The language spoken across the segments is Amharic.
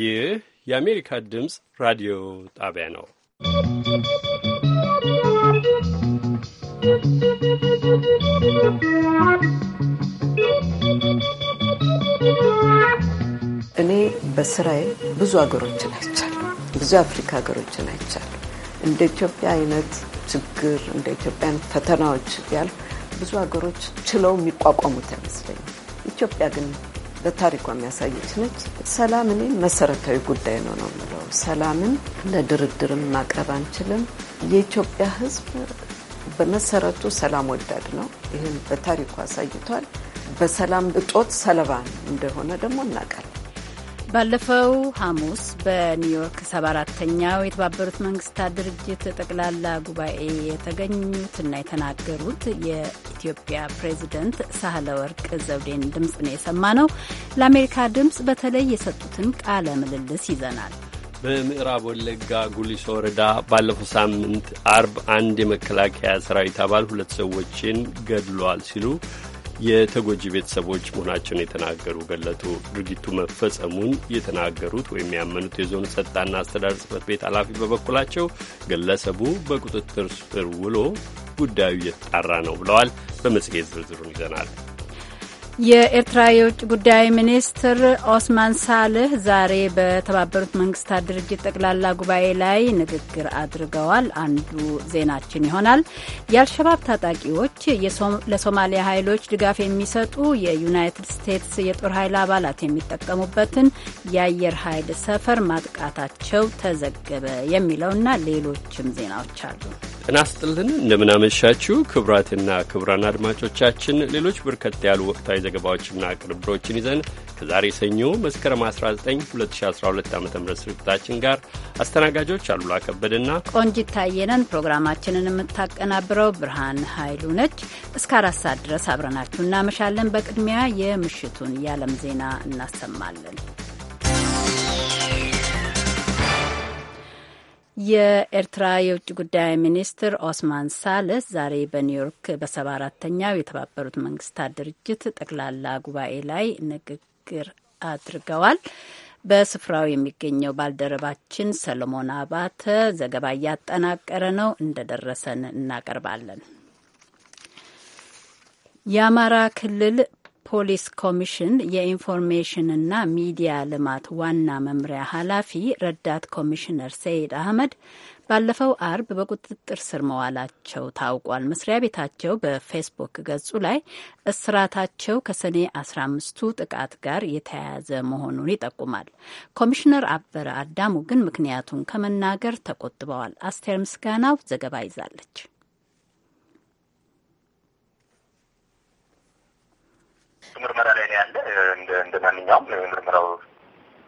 ይህ የአሜሪካ ድምፅ ራዲዮ ጣቢያ ነው። እኔ በስራዬ ብዙ ሀገሮችን አይቻለሁ። ብዙ አፍሪካ ሀገሮችን አይቻለሁ። እንደ ኢትዮጵያ አይነት ችግር እንደ ኢትዮጵያን ፈተናዎች ያል ብዙ ሀገሮች ችለው የሚቋቋሙት አይመስለኝም። ኢትዮጵያ ግን በታሪኳ የሚያሳየች ነች። ሰላም እኔ መሰረታዊ ጉዳይ ነው ነው የምለው። ሰላምን ለድርድርም ማቅረብ አንችልም። የኢትዮጵያ ሕዝብ በመሰረቱ ሰላም ወዳድ ነው። ይህን በታሪኩ አሳይቷል። በሰላም እጦት ሰለባ እንደሆነ ደግሞ እናውቃለን። ባለፈው ሐሙስ በኒውዮርክ ሰባ አራተኛው የተባበሩት መንግስታት ድርጅት ጠቅላላ ጉባኤ የተገኙትና የተናገሩት የኢትዮጵያ ፕሬዚደንት ሳህለ ወርቅ ዘውዴን ድምፅ ነው የሰማ ነው። ለአሜሪካ ድምፅ በተለይ የሰጡትን ቃለ ምልልስ ይዘናል። በምዕራብ ወለጋ ጉሊሶ ወረዳ ባለፈው ሳምንት አርብ አንድ የመከላከያ ሰራዊት አባል ሁለት ሰዎችን ገድሏል ሲሉ የተጎጂ ቤተሰቦች መሆናቸውን የተናገሩ ገለጡ። ድርጊቱ መፈጸሙን የተናገሩት ወይም ያመኑት የዞኑ ጸጥታና አስተዳደር ጽሕፈት ቤት ኃላፊ በበኩላቸው ግለሰቡ በቁጥጥር ስር ውሎ ጉዳዩ እየተጣራ ነው ብለዋል። በመጽሔት ዝርዝሩን ይዘናል። የኤርትራ የውጭ ጉዳይ ሚኒስትር ኦስማን ሳልህ ዛሬ በተባበሩት መንግስታት ድርጅት ጠቅላላ ጉባኤ ላይ ንግግር አድርገዋል። አንዱ ዜናችን ይሆናል። የአልሸባብ ታጣቂዎች ለሶማሊያ ኃይሎች ድጋፍ የሚሰጡ የዩናይትድ ስቴትስ የጦር ኃይል አባላት የሚጠቀሙበትን የአየር ኃይል ሰፈር ማጥቃታቸው ተዘገበ የሚለውና ሌሎችም ዜናዎች አሉ። ጤና ስጥልን እንደምናመሻችው ክቡራትና ክቡራን አድማጮቻችን ሌሎች በርከት ያሉ ወቅታዊ ዘገባዎችና ቅንብሮችን ይዘን ከዛሬ ሰኞ መስከረም 19 2012 ዓ ም ስርጭታችን ጋር አስተናጋጆች አሉላ ከበደና ቆንጂት ታየነን። ፕሮግራማችንን የምታቀናብረው ብርሃን ኃይሉ ነች። እስከ አራት ሰዓት ድረስ አብረናችሁ እናመሻለን። በቅድሚያ የምሽቱን የዓለም ዜና እናሰማለን። የኤርትራ የውጭ ጉዳይ ሚኒስትር ኦስማን ሳለስ ዛሬ በኒውዮርክ በሰባ አራተኛው የተባበሩት መንግስታት ድርጅት ጠቅላላ ጉባኤ ላይ ንግግር አድርገዋል። በስፍራው የሚገኘው ባልደረባችን ሰለሞን አባተ ዘገባ እያጠናቀረ ነው፣ እንደደረሰን እናቀርባለን። የአማራ ክልል ፖሊስ ኮሚሽን የኢንፎርሜሽንና ሚዲያ ልማት ዋና መምሪያ ኃላፊ ረዳት ኮሚሽነር ሰይድ አህመድ ባለፈው አርብ በቁጥጥር ስር መዋላቸው ታውቋል። መስሪያ ቤታቸው በፌስቡክ ገጹ ላይ እስራታቸው ከሰኔ 15 አምስቱ ጥቃት ጋር የተያያዘ መሆኑን ይጠቁማል። ኮሚሽነር አበረ አዳሙ ግን ምክንያቱን ከመናገር ተቆጥበዋል። አስቴር ምስጋናው ዘገባ ይዛለች። ምርመራ ላይ ነው ያለ። እንደ እንደ ማንኛውም ምርመራው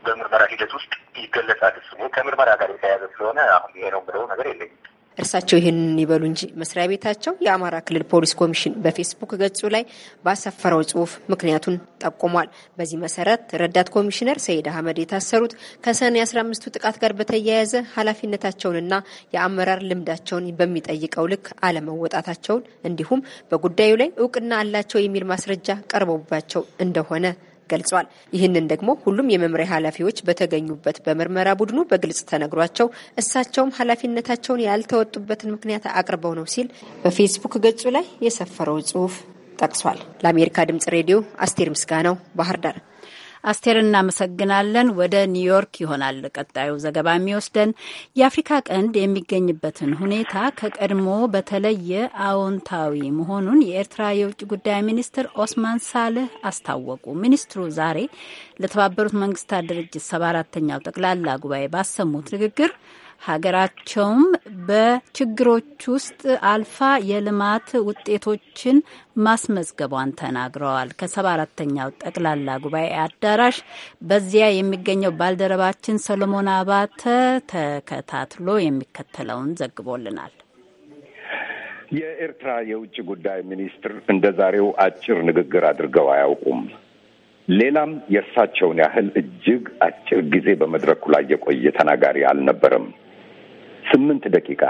በምርመራ ሂደት ውስጥ ይገለጻል። እሱ ከምርመራ ጋር የተያያዘ ስለሆነ አሁን ይሄ ነው ብለው ነገር የለኝም። እርሳቸው ይህንን ይበሉ እንጂ መስሪያ ቤታቸው የአማራ ክልል ፖሊስ ኮሚሽን በፌስቡክ ገጹ ላይ ባሰፈረው ጽሁፍ ምክንያቱን ጠቁሟል። በዚህ መሰረት ረዳት ኮሚሽነር ሰይድ አህመድ የታሰሩት ከሰኔ 15ቱ ጥቃት ጋር በተያያዘ ኃላፊነታቸውንና የአመራር ልምዳቸውን በሚጠይቀው ልክ አለመወጣታቸውን እንዲሁም በጉዳዩ ላይ እውቅና አላቸው የሚል ማስረጃ ቀርቦባቸው እንደሆነ ገልጿል። ይህንን ደግሞ ሁሉም የመምሪያ ኃላፊዎች በተገኙበት በምርመራ ቡድኑ በግልጽ ተነግሯቸው እሳቸውም ኃላፊነታቸውን ያልተወጡበትን ምክንያት አቅርበው ነው ሲል በፌስቡክ ገጹ ላይ የሰፈረው ጽሁፍ ጠቅሷል። ለአሜሪካ ድምጽ ሬዲዮ አስቴር ምስጋናው ባህር ዳር አስቴር እናመሰግናለን። ወደ ኒውዮርክ ይሆናል ቀጣዩ ዘገባ የሚወስደን። የአፍሪካ ቀንድ የሚገኝበትን ሁኔታ ከቀድሞ በተለየ አዎንታዊ መሆኑን የኤርትራ የውጭ ጉዳይ ሚኒስትር ኦስማን ሳልህ አስታወቁ። ሚኒስትሩ ዛሬ ለተባበሩት መንግስታት ድርጅት ሰባ አራተኛው ጠቅላላ ጉባኤ ባሰሙት ንግግር ሀገራቸውም በችግሮች ውስጥ አልፋ የልማት ውጤቶችን ማስመዝገቧን ተናግረዋል። ከሰባ አራተኛው ጠቅላላ ጉባኤ አዳራሽ በዚያ የሚገኘው ባልደረባችን ሰሎሞን አባተ ተከታትሎ የሚከተለውን ዘግቦልናል። የኤርትራ የውጭ ጉዳይ ሚኒስትር እንደ ዛሬው አጭር ንግግር አድርገው አያውቁም። ሌላም የእርሳቸውን ያህል እጅግ አጭር ጊዜ በመድረኩ ላይ የቆየ ተናጋሪ አልነበረም። ስምንት ደቂቃ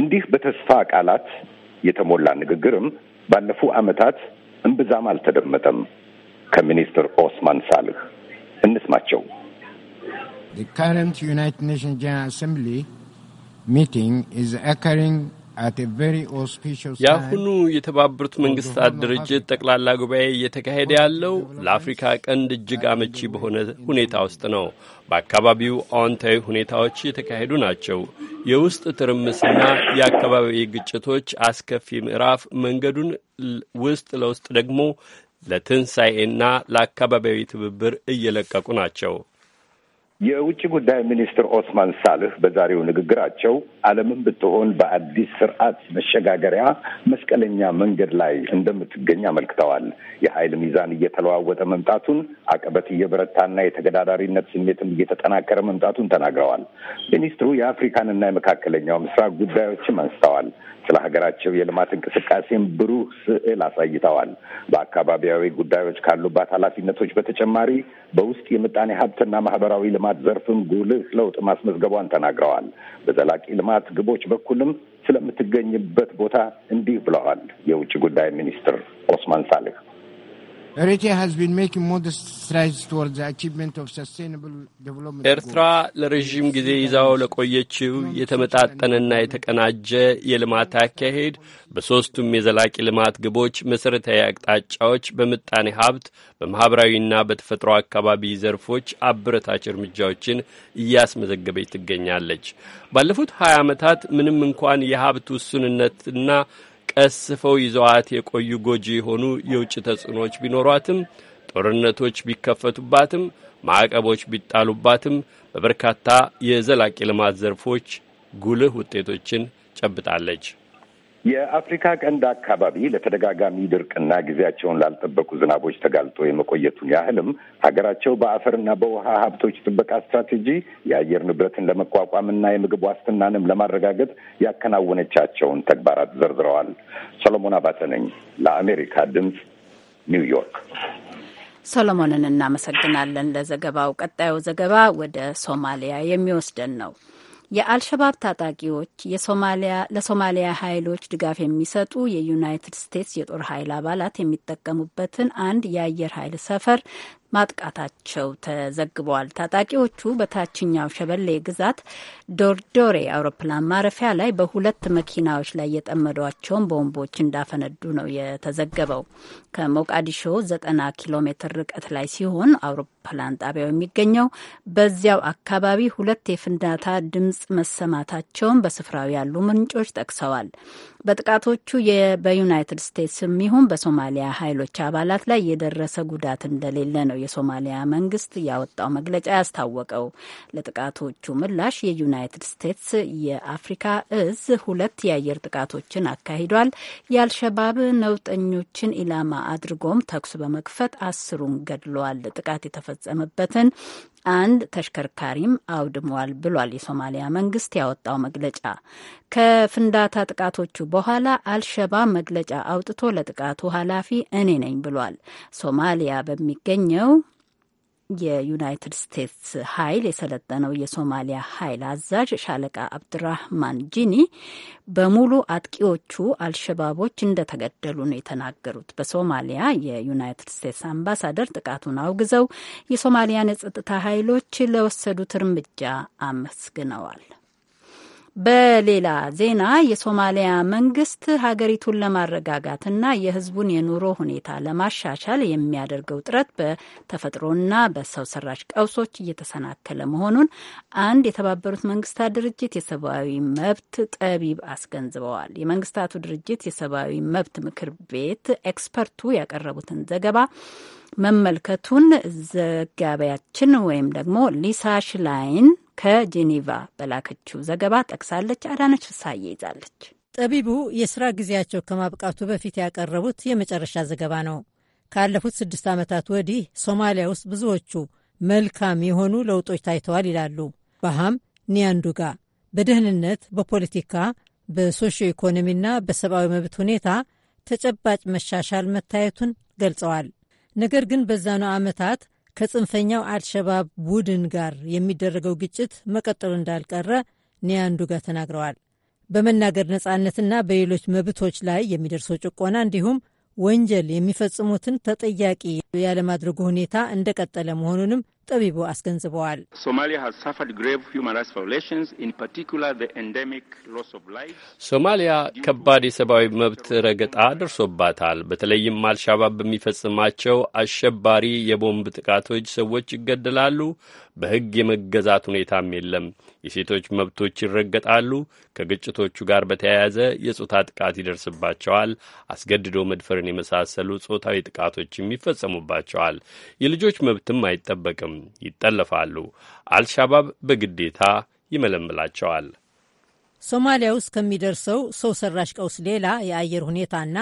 እንዲህ በተስፋ ቃላት የተሞላ ንግግርም ባለፉ ዓመታት እምብዛም አልተደመጠም። ከሚኒስትር ኦስማን ሳልህ እንስማቸው። The current United Nations General Assembly meeting is occurring የአሁኑ የተባበሩት መንግስታት ድርጅት ጠቅላላ ጉባኤ እየተካሄደ ያለው ለአፍሪካ ቀንድ እጅግ አመቺ በሆነ ሁኔታ ውስጥ ነው። በአካባቢው አዎንታዊ ሁኔታዎች የተካሄዱ ናቸው። የውስጥ ትርምስና የአካባቢ ግጭቶች አስከፊ ምዕራፍ መንገዱን ውስጥ ለውስጥ ደግሞ ለትንሣኤና ለአካባቢያዊ ትብብር እየለቀቁ ናቸው። የውጭ ጉዳይ ሚኒስትር ኦስማን ሳልህ በዛሬው ንግግራቸው ዓለምን ብትሆን በአዲስ ስርዓት መሸጋገሪያ መስቀለኛ መንገድ ላይ እንደምትገኝ አመልክተዋል። የኃይል ሚዛን እየተለዋወጠ መምጣቱን፣ አቀበት እየበረታና የተገዳዳሪነት ስሜትም እየተጠናከረ መምጣቱን ተናግረዋል። ሚኒስትሩ የአፍሪካንና የመካከለኛው ምስራቅ ጉዳዮችም አንስተዋል። ስለ ሀገራቸው የልማት እንቅስቃሴም ብሩህ ስዕል አሳይተዋል። በአካባቢያዊ ጉዳዮች ካሉባት ኃላፊነቶች በተጨማሪ በውስጥ የምጣኔ ሀብትና ማህበራዊ ልማት ዘርፍም ጉልህ ለውጥ ማስመዝገቧን ተናግረዋል። በዘላቂ ልማት ልማት ግቦች በኩልም ስለምትገኝበት ቦታ እንዲህ ብለዋል የውጭ ጉዳይ ሚኒስትር ኦስማን ሳልህ ኤርትራ ለረዥም ጊዜ ይዛው ለቆየችው የተመጣጠነና የተቀናጀ የልማት አካሄድ በሦስቱም የዘላቂ ልማት ግቦች መሠረታዊ አቅጣጫዎች በምጣኔ ሀብት፣ በማኅበራዊና በተፈጥሮ አካባቢ ዘርፎች አበረታች እርምጃዎችን እያስመዘገበች ትገኛለች። ባለፉት ሀያ ዓመታት ምንም እንኳን የሀብት ውሱንነትና ቀስፈው ይዘዋት የቆዩ ጎጂ የሆኑ የውጭ ተጽዕኖዎች ቢኖሯትም ጦርነቶች ቢከፈቱባትም ማዕቀቦች ቢጣሉባትም በበርካታ የዘላቂ ልማት ዘርፎች ጉልህ ውጤቶችን ጨብጣለች። የአፍሪካ ቀንድ አካባቢ ለተደጋጋሚ ድርቅና ጊዜያቸውን ላልጠበቁ ዝናቦች ተጋልጦ የመቆየቱን ያህልም ሀገራቸው በአፈርና በውሃ ሀብቶች ጥበቃ ስትራቴጂ የአየር ንብረትን ለመቋቋምና የምግብ ዋስትናንም ለማረጋገጥ ያከናወነቻቸውን ተግባራት ዘርዝረዋል። ሰሎሞን አባተ ነኝ ለአሜሪካ ድምፅ ኒውዮርክ። ሰሎሞንን እናመሰግናለን ለዘገባው። ቀጣዩ ዘገባ ወደ ሶማሊያ የሚወስደን ነው። የአልሸባብ ታጣቂዎች ለሶማሊያ ኃይሎች ድጋፍ የሚሰጡ የዩናይትድ ስቴትስ የጦር ኃይል አባላት የሚጠቀሙበትን አንድ የአየር ኃይል ሰፈር ማጥቃታቸው ተዘግበዋል። ታጣቂዎቹ በታችኛው ሸበሌ ግዛት ዶርዶሬ አውሮፕላን ማረፊያ ላይ በሁለት መኪናዎች ላይ የጠመዷቸውን ቦምቦች እንዳፈነዱ ነው የተዘገበው። ከሞቃዲሾ ዘጠና ኪሎ ሜትር ርቀት ላይ ሲሆን አውሮፕላን ጣቢያው የሚገኘው በዚያው አካባቢ ሁለት የፍንዳታ ድምፅ መሰማታቸውን በስፍራው ያሉ ምንጮች ጠቅሰዋል። በጥቃቶቹ በዩናይትድ ስቴትስም ይሁን በሶማሊያ ኃይሎች አባላት ላይ የደረሰ ጉዳት እንደሌለ ነው የሶማሊያ መንግስት ያወጣው መግለጫ ያስታወቀው። ለጥቃቶቹ ምላሽ የዩናይትድ ስቴትስ የአፍሪካ እዝ ሁለት የአየር ጥቃቶችን አካሂዷል። የአልሸባብ ነውጠኞችን ኢላማ አድርጎም ተኩስ በመክፈት አስሩን ገድለዋል። ጥቃት የተፈጸመበትን አንድ ተሽከርካሪም አውድሟል ብሏል የሶማሊያ መንግስት ያወጣው መግለጫ። ከፍንዳታ ጥቃቶቹ በኋላ አልሸባብ መግለጫ አውጥቶ ለጥቃቱ ኃላፊ እኔ ነኝ ብሏል። ሶማሊያ በሚገኘው የዩናይትድ ስቴትስ ኃይል የሰለጠነው የሶማሊያ ኃይል አዛዥ ሻለቃ አብድራህማን ጂኒ በሙሉ አጥቂዎቹ አልሸባቦች እንደተገደሉ ነው የተናገሩት። በሶማሊያ የዩናይትድ ስቴትስ አምባሳደር ጥቃቱን አውግዘው የሶማሊያን የጸጥታ ኃይሎች ለወሰዱት እርምጃ አመስግነዋል። በሌላ ዜና የሶማሊያ መንግስት ሀገሪቱን ለማረጋጋትና የህዝቡን የኑሮ ሁኔታ ለማሻሻል የሚያደርገው ጥረት በተፈጥሮና በሰው ሰራሽ ቀውሶች እየተሰናከለ መሆኑን አንድ የተባበሩት መንግስታት ድርጅት የሰብአዊ መብት ጠቢብ አስገንዝበዋል። የመንግስታቱ ድርጅት የሰብአዊ መብት ምክር ቤት ኤክስፐርቱ ያቀረቡትን ዘገባ መመልከቱን ዘጋቢያችን ወይም ደግሞ ሊሳ ሽላይን ከጄኔቫ በላከችው ዘገባ ጠቅሳለች። አዳነች ፍሳዬ ይዛለች። ጠቢቡ የሥራ ጊዜያቸው ከማብቃቱ በፊት ያቀረቡት የመጨረሻ ዘገባ ነው። ካለፉት ስድስት ዓመታት ወዲህ ሶማሊያ ውስጥ ብዙዎቹ መልካም የሆኑ ለውጦች ታይተዋል ይላሉ ባሃም ኒያንዱጋ። በደህንነት፣ በፖለቲካ፣ በሶሽ ኢኮኖሚና በሰብአዊ መብት ሁኔታ ተጨባጭ መሻሻል መታየቱን ገልጸዋል። ነገር ግን በዛኑ ዓመታት ከጽንፈኛው አልሸባብ ቡድን ጋር የሚደረገው ግጭት መቀጠሉ እንዳልቀረ ኒያንዱጋ ተናግረዋል። በመናገር ነጻነትና በሌሎች መብቶች ላይ የሚደርሰው ጭቆና እንዲሁም ወንጀል የሚፈጽሙትን ተጠያቂ ያለማድረጉ ሁኔታ እንደቀጠለ መሆኑንም ጠቢቡ አስገንዝበዋል። ሶማሊያ ከባድ የሰብአዊ መብት ረገጣ ደርሶባታል። በተለይም አልሻባብ በሚፈጽማቸው አሸባሪ የቦምብ ጥቃቶች ሰዎች ይገደላሉ፣ በሕግ የመገዛት ሁኔታም የለም። የሴቶች መብቶች ይረገጣሉ። ከግጭቶቹ ጋር በተያያዘ የጾታ ጥቃት ይደርስባቸዋል። አስገድዶ መድፈርን የመሳሰሉ ጾታዊ ጥቃቶችም ይፈጸሙባቸዋል። የልጆች መብትም አይጠበቅም፣ ይጠለፋሉ። አልሻባብ በግዴታ ይመለምላቸዋል። ሶማሊያ ውስጥ ከሚደርሰው ሰው ሰራሽ ቀውስ ሌላ የአየር ሁኔታና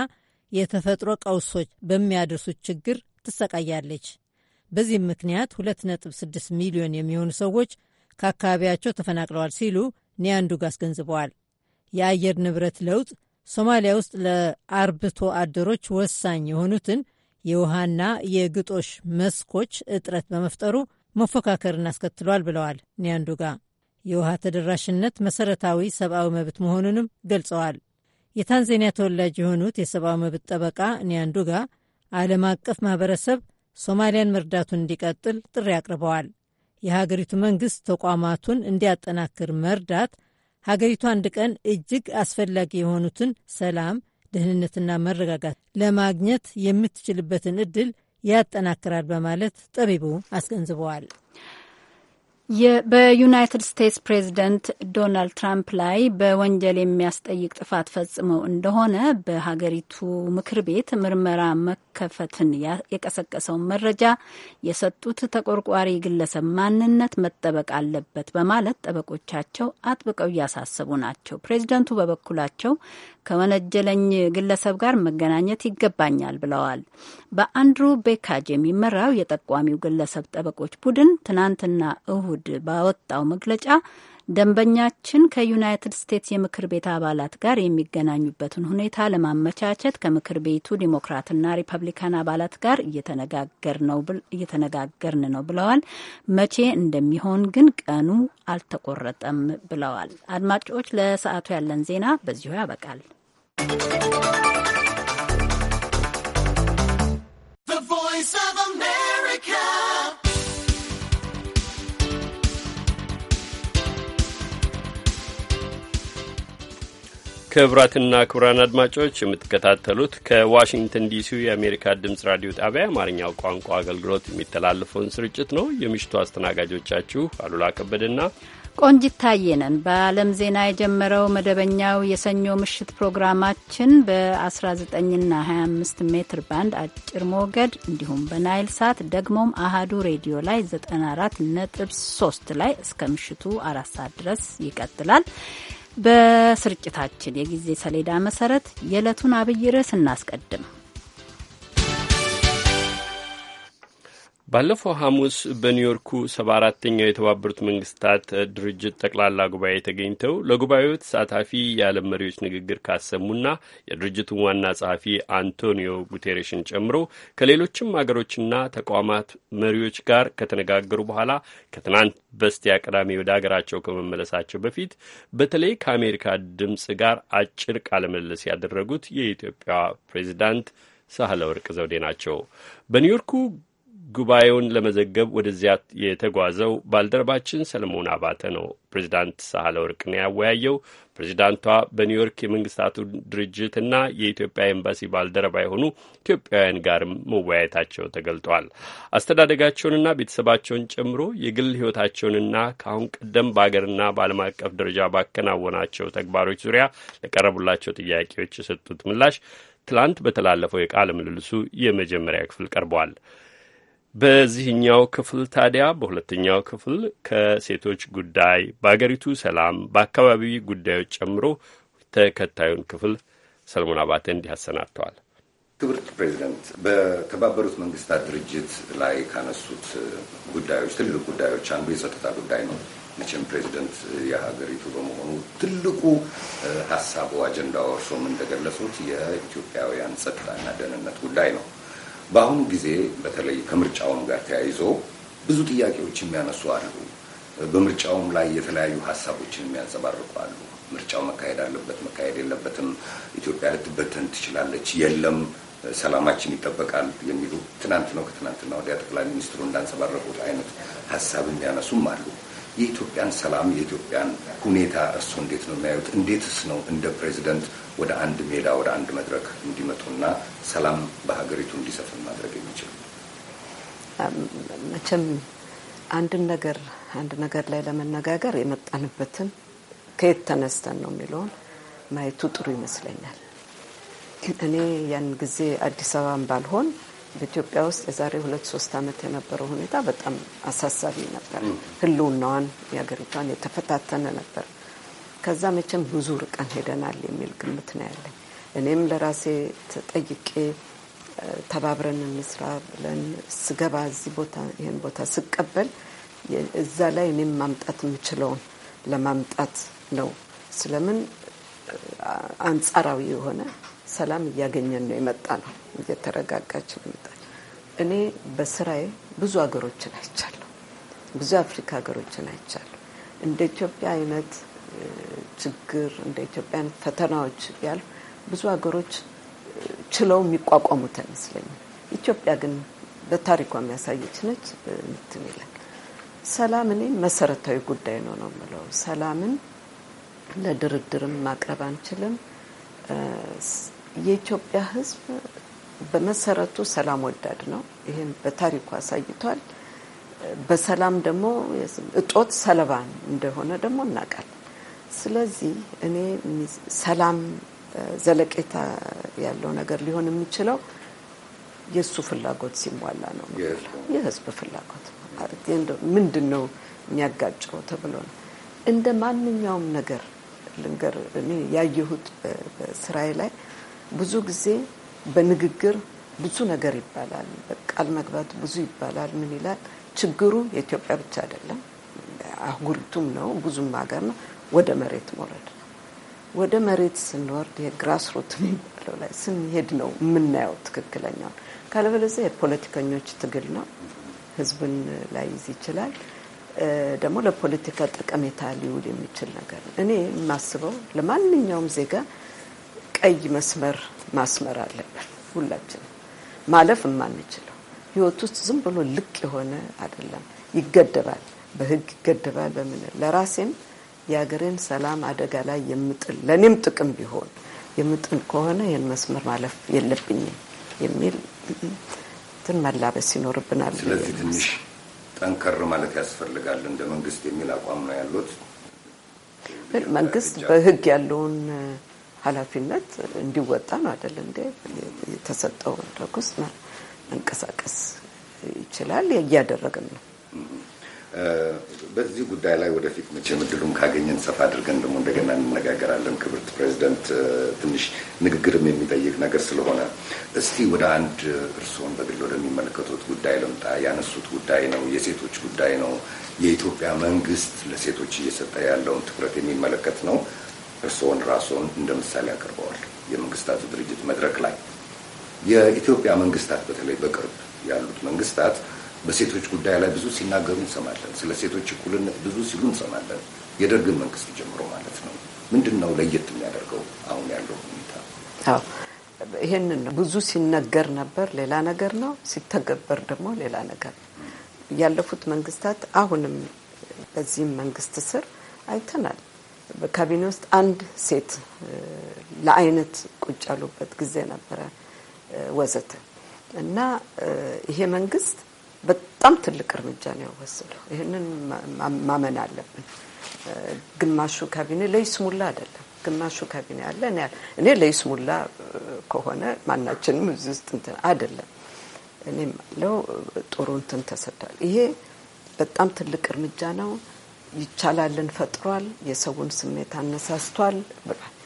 የተፈጥሮ ቀውሶች በሚያደርሱት ችግር ትሰቃያለች። በዚህም ምክንያት 2.6 ሚሊዮን የሚሆኑ ሰዎች ከአካባቢያቸው ተፈናቅለዋል ሲሉ ኒያንዱግ አስገንዝበዋል። የአየር ንብረት ለውጥ ሶማሊያ ውስጥ ለአርብቶ አደሮች ወሳኝ የሆኑትን የውሃና የግጦሽ መስኮች እጥረት በመፍጠሩ መፎካከርን አስከትሏል ብለዋል ኒያንዱጋ። የውሃ ተደራሽነት መሰረታዊ ሰብአዊ መብት መሆኑንም ገልጸዋል። የታንዛኒያ ተወላጅ የሆኑት የሰብአዊ መብት ጠበቃ ኒያንዱጋ ዓለም አቀፍ ማህበረሰብ ሶማሊያን መርዳቱን እንዲቀጥል ጥሪ አቅርበዋል። የሀገሪቱ መንግስት ተቋማቱን እንዲያጠናክር መርዳት ሀገሪቱ አንድ ቀን እጅግ አስፈላጊ የሆኑትን ሰላም፣ ደህንነትና መረጋጋት ለማግኘት የምትችልበትን እድል ያጠናክራል በማለት ጠቢቡ አስገንዝበዋል። በዩናይትድ ስቴትስ ፕሬዚደንት ዶናልድ ትራምፕ ላይ በወንጀል የሚያስጠይቅ ጥፋት ፈጽመው እንደሆነ በሀገሪቱ ምክር ቤት ምርመራ መከፈትን የቀሰቀሰውን መረጃ የሰጡት ተቆርቋሪ ግለሰብ ማንነት መጠበቅ አለበት በማለት ጠበቆቻቸው አጥብቀው እያሳሰቡ ናቸው። ፕሬዚደንቱ በበኩላቸው ከወነጀለኝ ግለሰብ ጋር መገናኘት ይገባኛል ብለዋል። በአንድሩ ቤካጅ የሚመራው የጠቋሚው ግለሰብ ጠበቆች ቡድን ትናንትና እሁድ ባወጣው መግለጫ ደንበኛችን ከዩናይትድ ስቴትስ የምክር ቤት አባላት ጋር የሚገናኙበትን ሁኔታ ለማመቻቸት ከምክር ቤቱ ዲሞክራትና ሪፐብሊካን አባላት ጋር እየተነጋገርን ነው ብለዋል። መቼ እንደሚሆን ግን ቀኑ አልተቆረጠም ብለዋል። አድማጮች፣ ለሰዓቱ ያለን ዜና በዚሁ ያበቃል። ክቡራትና ክቡራን አድማጮች የምትከታተሉት ከዋሽንግተን ዲሲ የአሜሪካ ድምፅ ራዲዮ ጣቢያ የአማርኛው ቋንቋ አገልግሎት የሚተላለፈውን ስርጭት ነው። የምሽቱ አስተናጋጆቻችሁ አሉላ ከበደና ቆንጂት ታየ በዓለም ዜና የጀመረው መደበኛው የሰኞ ምሽት ፕሮግራማችን በ19ና 25 ሜትር ባንድ አጭር ሞገድ እንዲሁም በናይል ሳት ደግሞም አሃዱ ሬዲዮ ላይ 94 ነጥብ 3 ላይ እስከ ምሽቱ አራት ሰዓት ድረስ ይቀጥላል። በስርጭታችን የጊዜ ሰሌዳ መሰረት የዕለቱን አብይ ርዕስ እናስቀድም። ባለፈው ሐሙስ በኒውዮርኩ ሰባ አራተኛው የተባበሩት መንግስታት ድርጅት ጠቅላላ ጉባኤ ተገኝተው ለጉባኤው ተሳታፊ የዓለም መሪዎች ንግግር ካሰሙና የድርጅቱን ዋና ጸሐፊ አንቶኒዮ ጉቴሬሽን ጨምሮ ከሌሎችም አገሮችና ተቋማት መሪዎች ጋር ከተነጋገሩ በኋላ ከትናንት በስቲያ ቅዳሜ ወደ አገራቸው ከመመለሳቸው በፊት በተለይ ከአሜሪካ ድምፅ ጋር አጭር ቃለ ምልልስ ያደረጉት የኢትዮጵያ ፕሬዚዳንት ሳህለ ወርቅ ዘውዴ ናቸው። በኒውዮርኩ ጉባኤውን ለመዘገብ ወደዚያ የተጓዘው ባልደረባችን ሰለሞን አባተ ነው። ፕሬዚዳንት ሳህለ ወርቅን ያወያየው ፕሬዚዳንቷ በኒውዮርክ የመንግስታቱ ድርጅት እና የኢትዮጵያ ኤምባሲ ባልደረባ የሆኑ ኢትዮጵያውያን ጋርም መወያየታቸው ተገልጧል። አስተዳደጋቸውንና ቤተሰባቸውን ጨምሮ የግል ሕይወታቸውንና ከአሁን ቀደም በአገርና በዓለም አቀፍ ደረጃ ባከናወናቸው ተግባሮች ዙሪያ ለቀረቡላቸው ጥያቄዎች የሰጡት ምላሽ ትላንት በተላለፈው የቃለ ምልልሱ የመጀመሪያ ክፍል ቀርበዋል። በዚህኛው ክፍል ታዲያ በሁለተኛው ክፍል ከሴቶች ጉዳይ በአገሪቱ ሰላም፣ በአካባቢ ጉዳዮች ጨምሮ ተከታዩን ክፍል ሰለሞን አባተ እንዲህ አሰናድተዋል። ክብርት ፕሬዚደንት፣ በተባበሩት መንግስታት ድርጅት ላይ ካነሱት ጉዳዮች ትልቅ ጉዳዮች አንዱ የጸጥታ ጉዳይ ነው። መቼም ፕሬዚደንት የሀገሪቱ በመሆኑ ትልቁ ሀሳቡ አጀንዳ እርሶም እንደገለጹት የኢትዮጵያውያን ጸጥታና ደህንነት ጉዳይ ነው። በአሁኑ ጊዜ በተለይ ከምርጫውም ጋር ተያይዞ ብዙ ጥያቄዎች የሚያነሱ አሉ። በምርጫውም ላይ የተለያዩ ሀሳቦችን የሚያንጸባርቁ አሉ። ምርጫው መካሄድ አለበት፣ መካሄድ የለበትም፣ ኢትዮጵያ ልትበተን ትችላለች፣ የለም ሰላማችን ይጠበቃል የሚሉ ትናንት ነው ከትናንትና ወዲያ ጠቅላይ ሚኒስትሩ እንዳንጸባረቁት አይነት ሀሳብ የሚያነሱም አሉ። የኢትዮጵያን ሰላም የኢትዮጵያን ሁኔታ እርሶ እንዴት ነው የሚያዩት? እንዴትስ ነው እንደ ፕሬዚደንት ወደ አንድ ሜዳ ወደ አንድ መድረክ እንዲመጡና ሰላም በሀገሪቱ እንዲሰፍን ማድረግ የሚችል መቼም አንድን ነገር አንድ ነገር ላይ ለመነጋገር የመጣንበትን ከየት ተነስተን ነው የሚለውን ማየቱ ጥሩ ይመስለኛል። እኔ ያን ጊዜ አዲስ አበባም ባልሆን በኢትዮጵያ ውስጥ የዛሬ ሁለት ሶስት ዓመት የነበረው ሁኔታ በጣም አሳሳቢ ነበር። ህልውናዋን የሀገሪቷን የተፈታተነ ነበር። ከዛ መቼም ብዙ ርቀን ሄደናል የሚል ግምት ነው ያለኝ። እኔም ለራሴ ተጠይቄ ተባብረን እንስራ ብለን ስገባ እዚህ ቦታ ይህን ቦታ ስቀበል እዛ ላይ እኔም ማምጣት የምችለውን ለማምጣት ነው። ስለምን አንጻራዊ የሆነ ሰላም እያገኘን ነው የመጣ ነው፣ እየተረጋጋች መጣ። እኔ በስራዬ ብዙ ሀገሮችን አይቻለሁ፣ ብዙ የአፍሪካ ሀገሮችን አይቻለሁ። እንደ ኢትዮጵያ አይነት ችግር እንደ ኢትዮጵያን ፈተናዎች ያልፍ ብዙ ሀገሮች ችለው የሚቋቋሙት አይመስለኝም። ኢትዮጵያ ግን በታሪኳ የሚያሳየች ነች። እንትን ይላል ሰላም እኔ መሰረታዊ ጉዳይ ነው ነው የምለው። ሰላምን ለድርድርም ማቅረብ አንችልም። የኢትዮጵያ ሕዝብ በመሰረቱ ሰላም ወዳድ ነው። ይህም በታሪኩ አሳይቷል። በሰላም ደግሞ እጦት ሰለባ እንደሆነ ደግሞ እናውቃለን። ስለዚህ እኔ ሰላም ዘለቄታ ያለው ነገር ሊሆን የሚችለው የእሱ ፍላጎት ሲሟላ ነው። የህዝብ ፍላጎት ምንድን ነው የሚያጋጨው ተብሎ ነው። እንደ ማንኛውም ነገር ልንገር፣ እኔ ያየሁት ስራዬ ላይ ብዙ ጊዜ በንግግር ብዙ ነገር ይባላል፣ በቃል መግባት ብዙ ይባላል። ምን ይላል ችግሩ የኢትዮጵያ ብቻ አይደለም፣ አህጉሪቱም ነው፣ ብዙም ሀገር ነው። ወደ መሬት መውረድ ነው። ወደ መሬት ስንወርድ የግራስ ሩት የሚባለው ላይ ስንሄድ ነው የምናየው ትክክለኛውን። ካለበለዚያ የፖለቲከኞች ትግል ነው። ህዝብን ይዝ ይችላል። ደግሞ ለፖለቲካ ጠቀሜታ ሊውል የሚችል ነገር ነው። እኔ የማስበው ለማንኛውም ዜጋ ቀይ መስመር ማስመር አለብን። ሁላችን ማለፍ የማንችለው ህይወት ውስጥ ዝም ብሎ ልቅ የሆነ አይደለም። ይገደባል፣ በህግ ይገደባል። በምን ለራሴም የሀገርን ሰላም አደጋ ላይ የምጥል ለእኔም ጥቅም ቢሆን የምጥል ከሆነ ይህን መስመር ማለፍ የለብኝም የሚል እንትን መላበስ ይኖርብናል። ስለዚህ ትንሽ ጠንከር ማለት ያስፈልጋል እንደ መንግስት የሚል አቋም ነው ያሉት። መንግስት በህግ ያለውን ኃላፊነት እንዲወጣ ነው አደል እንዴ? የተሰጠው ድረግ መንቀሳቀስ ይችላል፣ እያደረግን ነው። በዚህ ጉዳይ ላይ ወደፊት መቼም እድሉም ካገኘን ሰፋ አድርገን ደግሞ እንደገና እንነጋገራለን። ክብርት ፕሬዚደንት፣ ትንሽ ንግግርም የሚጠይቅ ነገር ስለሆነ እስቲ ወደ አንድ እርስዎን በግል ወደሚመለከቱት ጉዳይ ልምጣ። ያነሱት ጉዳይ ነው የሴቶች ጉዳይ ነው። የኢትዮጵያ መንግስት ለሴቶች እየሰጠ ያለውን ትኩረት የሚመለከት ነው። እርስዎን ራስዎን እንደ ምሳሌ አቅርበዋል። የመንግስታቱ ድርጅት መድረክ ላይ የኢትዮጵያ መንግስታት በተለይ በቅርብ ያሉት መንግስታት በሴቶች ጉዳይ ላይ ብዙ ሲናገሩ እንሰማለን። ስለ ሴቶች እኩልነት ብዙ ሲሉ እንሰማለን። የደርግን መንግስት ጀምሮ ማለት ነው። ምንድን ነው ለየት የሚያደርገው አሁን ያለው ሁኔታ? ይህንን ነው። ብዙ ሲነገር ነበር፣ ሌላ ነገር ነው። ሲተገበር ደግሞ ሌላ ነገር ነው። ያለፉት መንግስታት አሁንም በዚህም መንግስት ስር አይተናል። በካቢኔ ውስጥ አንድ ሴት ለአይነት ቁጭ ያሉበት ጊዜ ነበረ ወዘተ እና ይሄ መንግስት በጣም ትልቅ እርምጃ ነው ያወሰደው። ይህንን ማመን አለብን። ግማሹ ካቢኔ ለይስሙላ አይደለም። ግማሹ ካቢኔ አለ እኔ እኔ ለይስሙላ ከሆነ ማናችንም እዚህ ውስጥ እንትን አይደለም። እኔም አለው ጥሩ እንትን ተሰዳል። ይሄ በጣም ትልቅ እርምጃ ነው። ይቻላልን ፈጥሯል። የሰውን ስሜት አነሳስቷል ብሏል።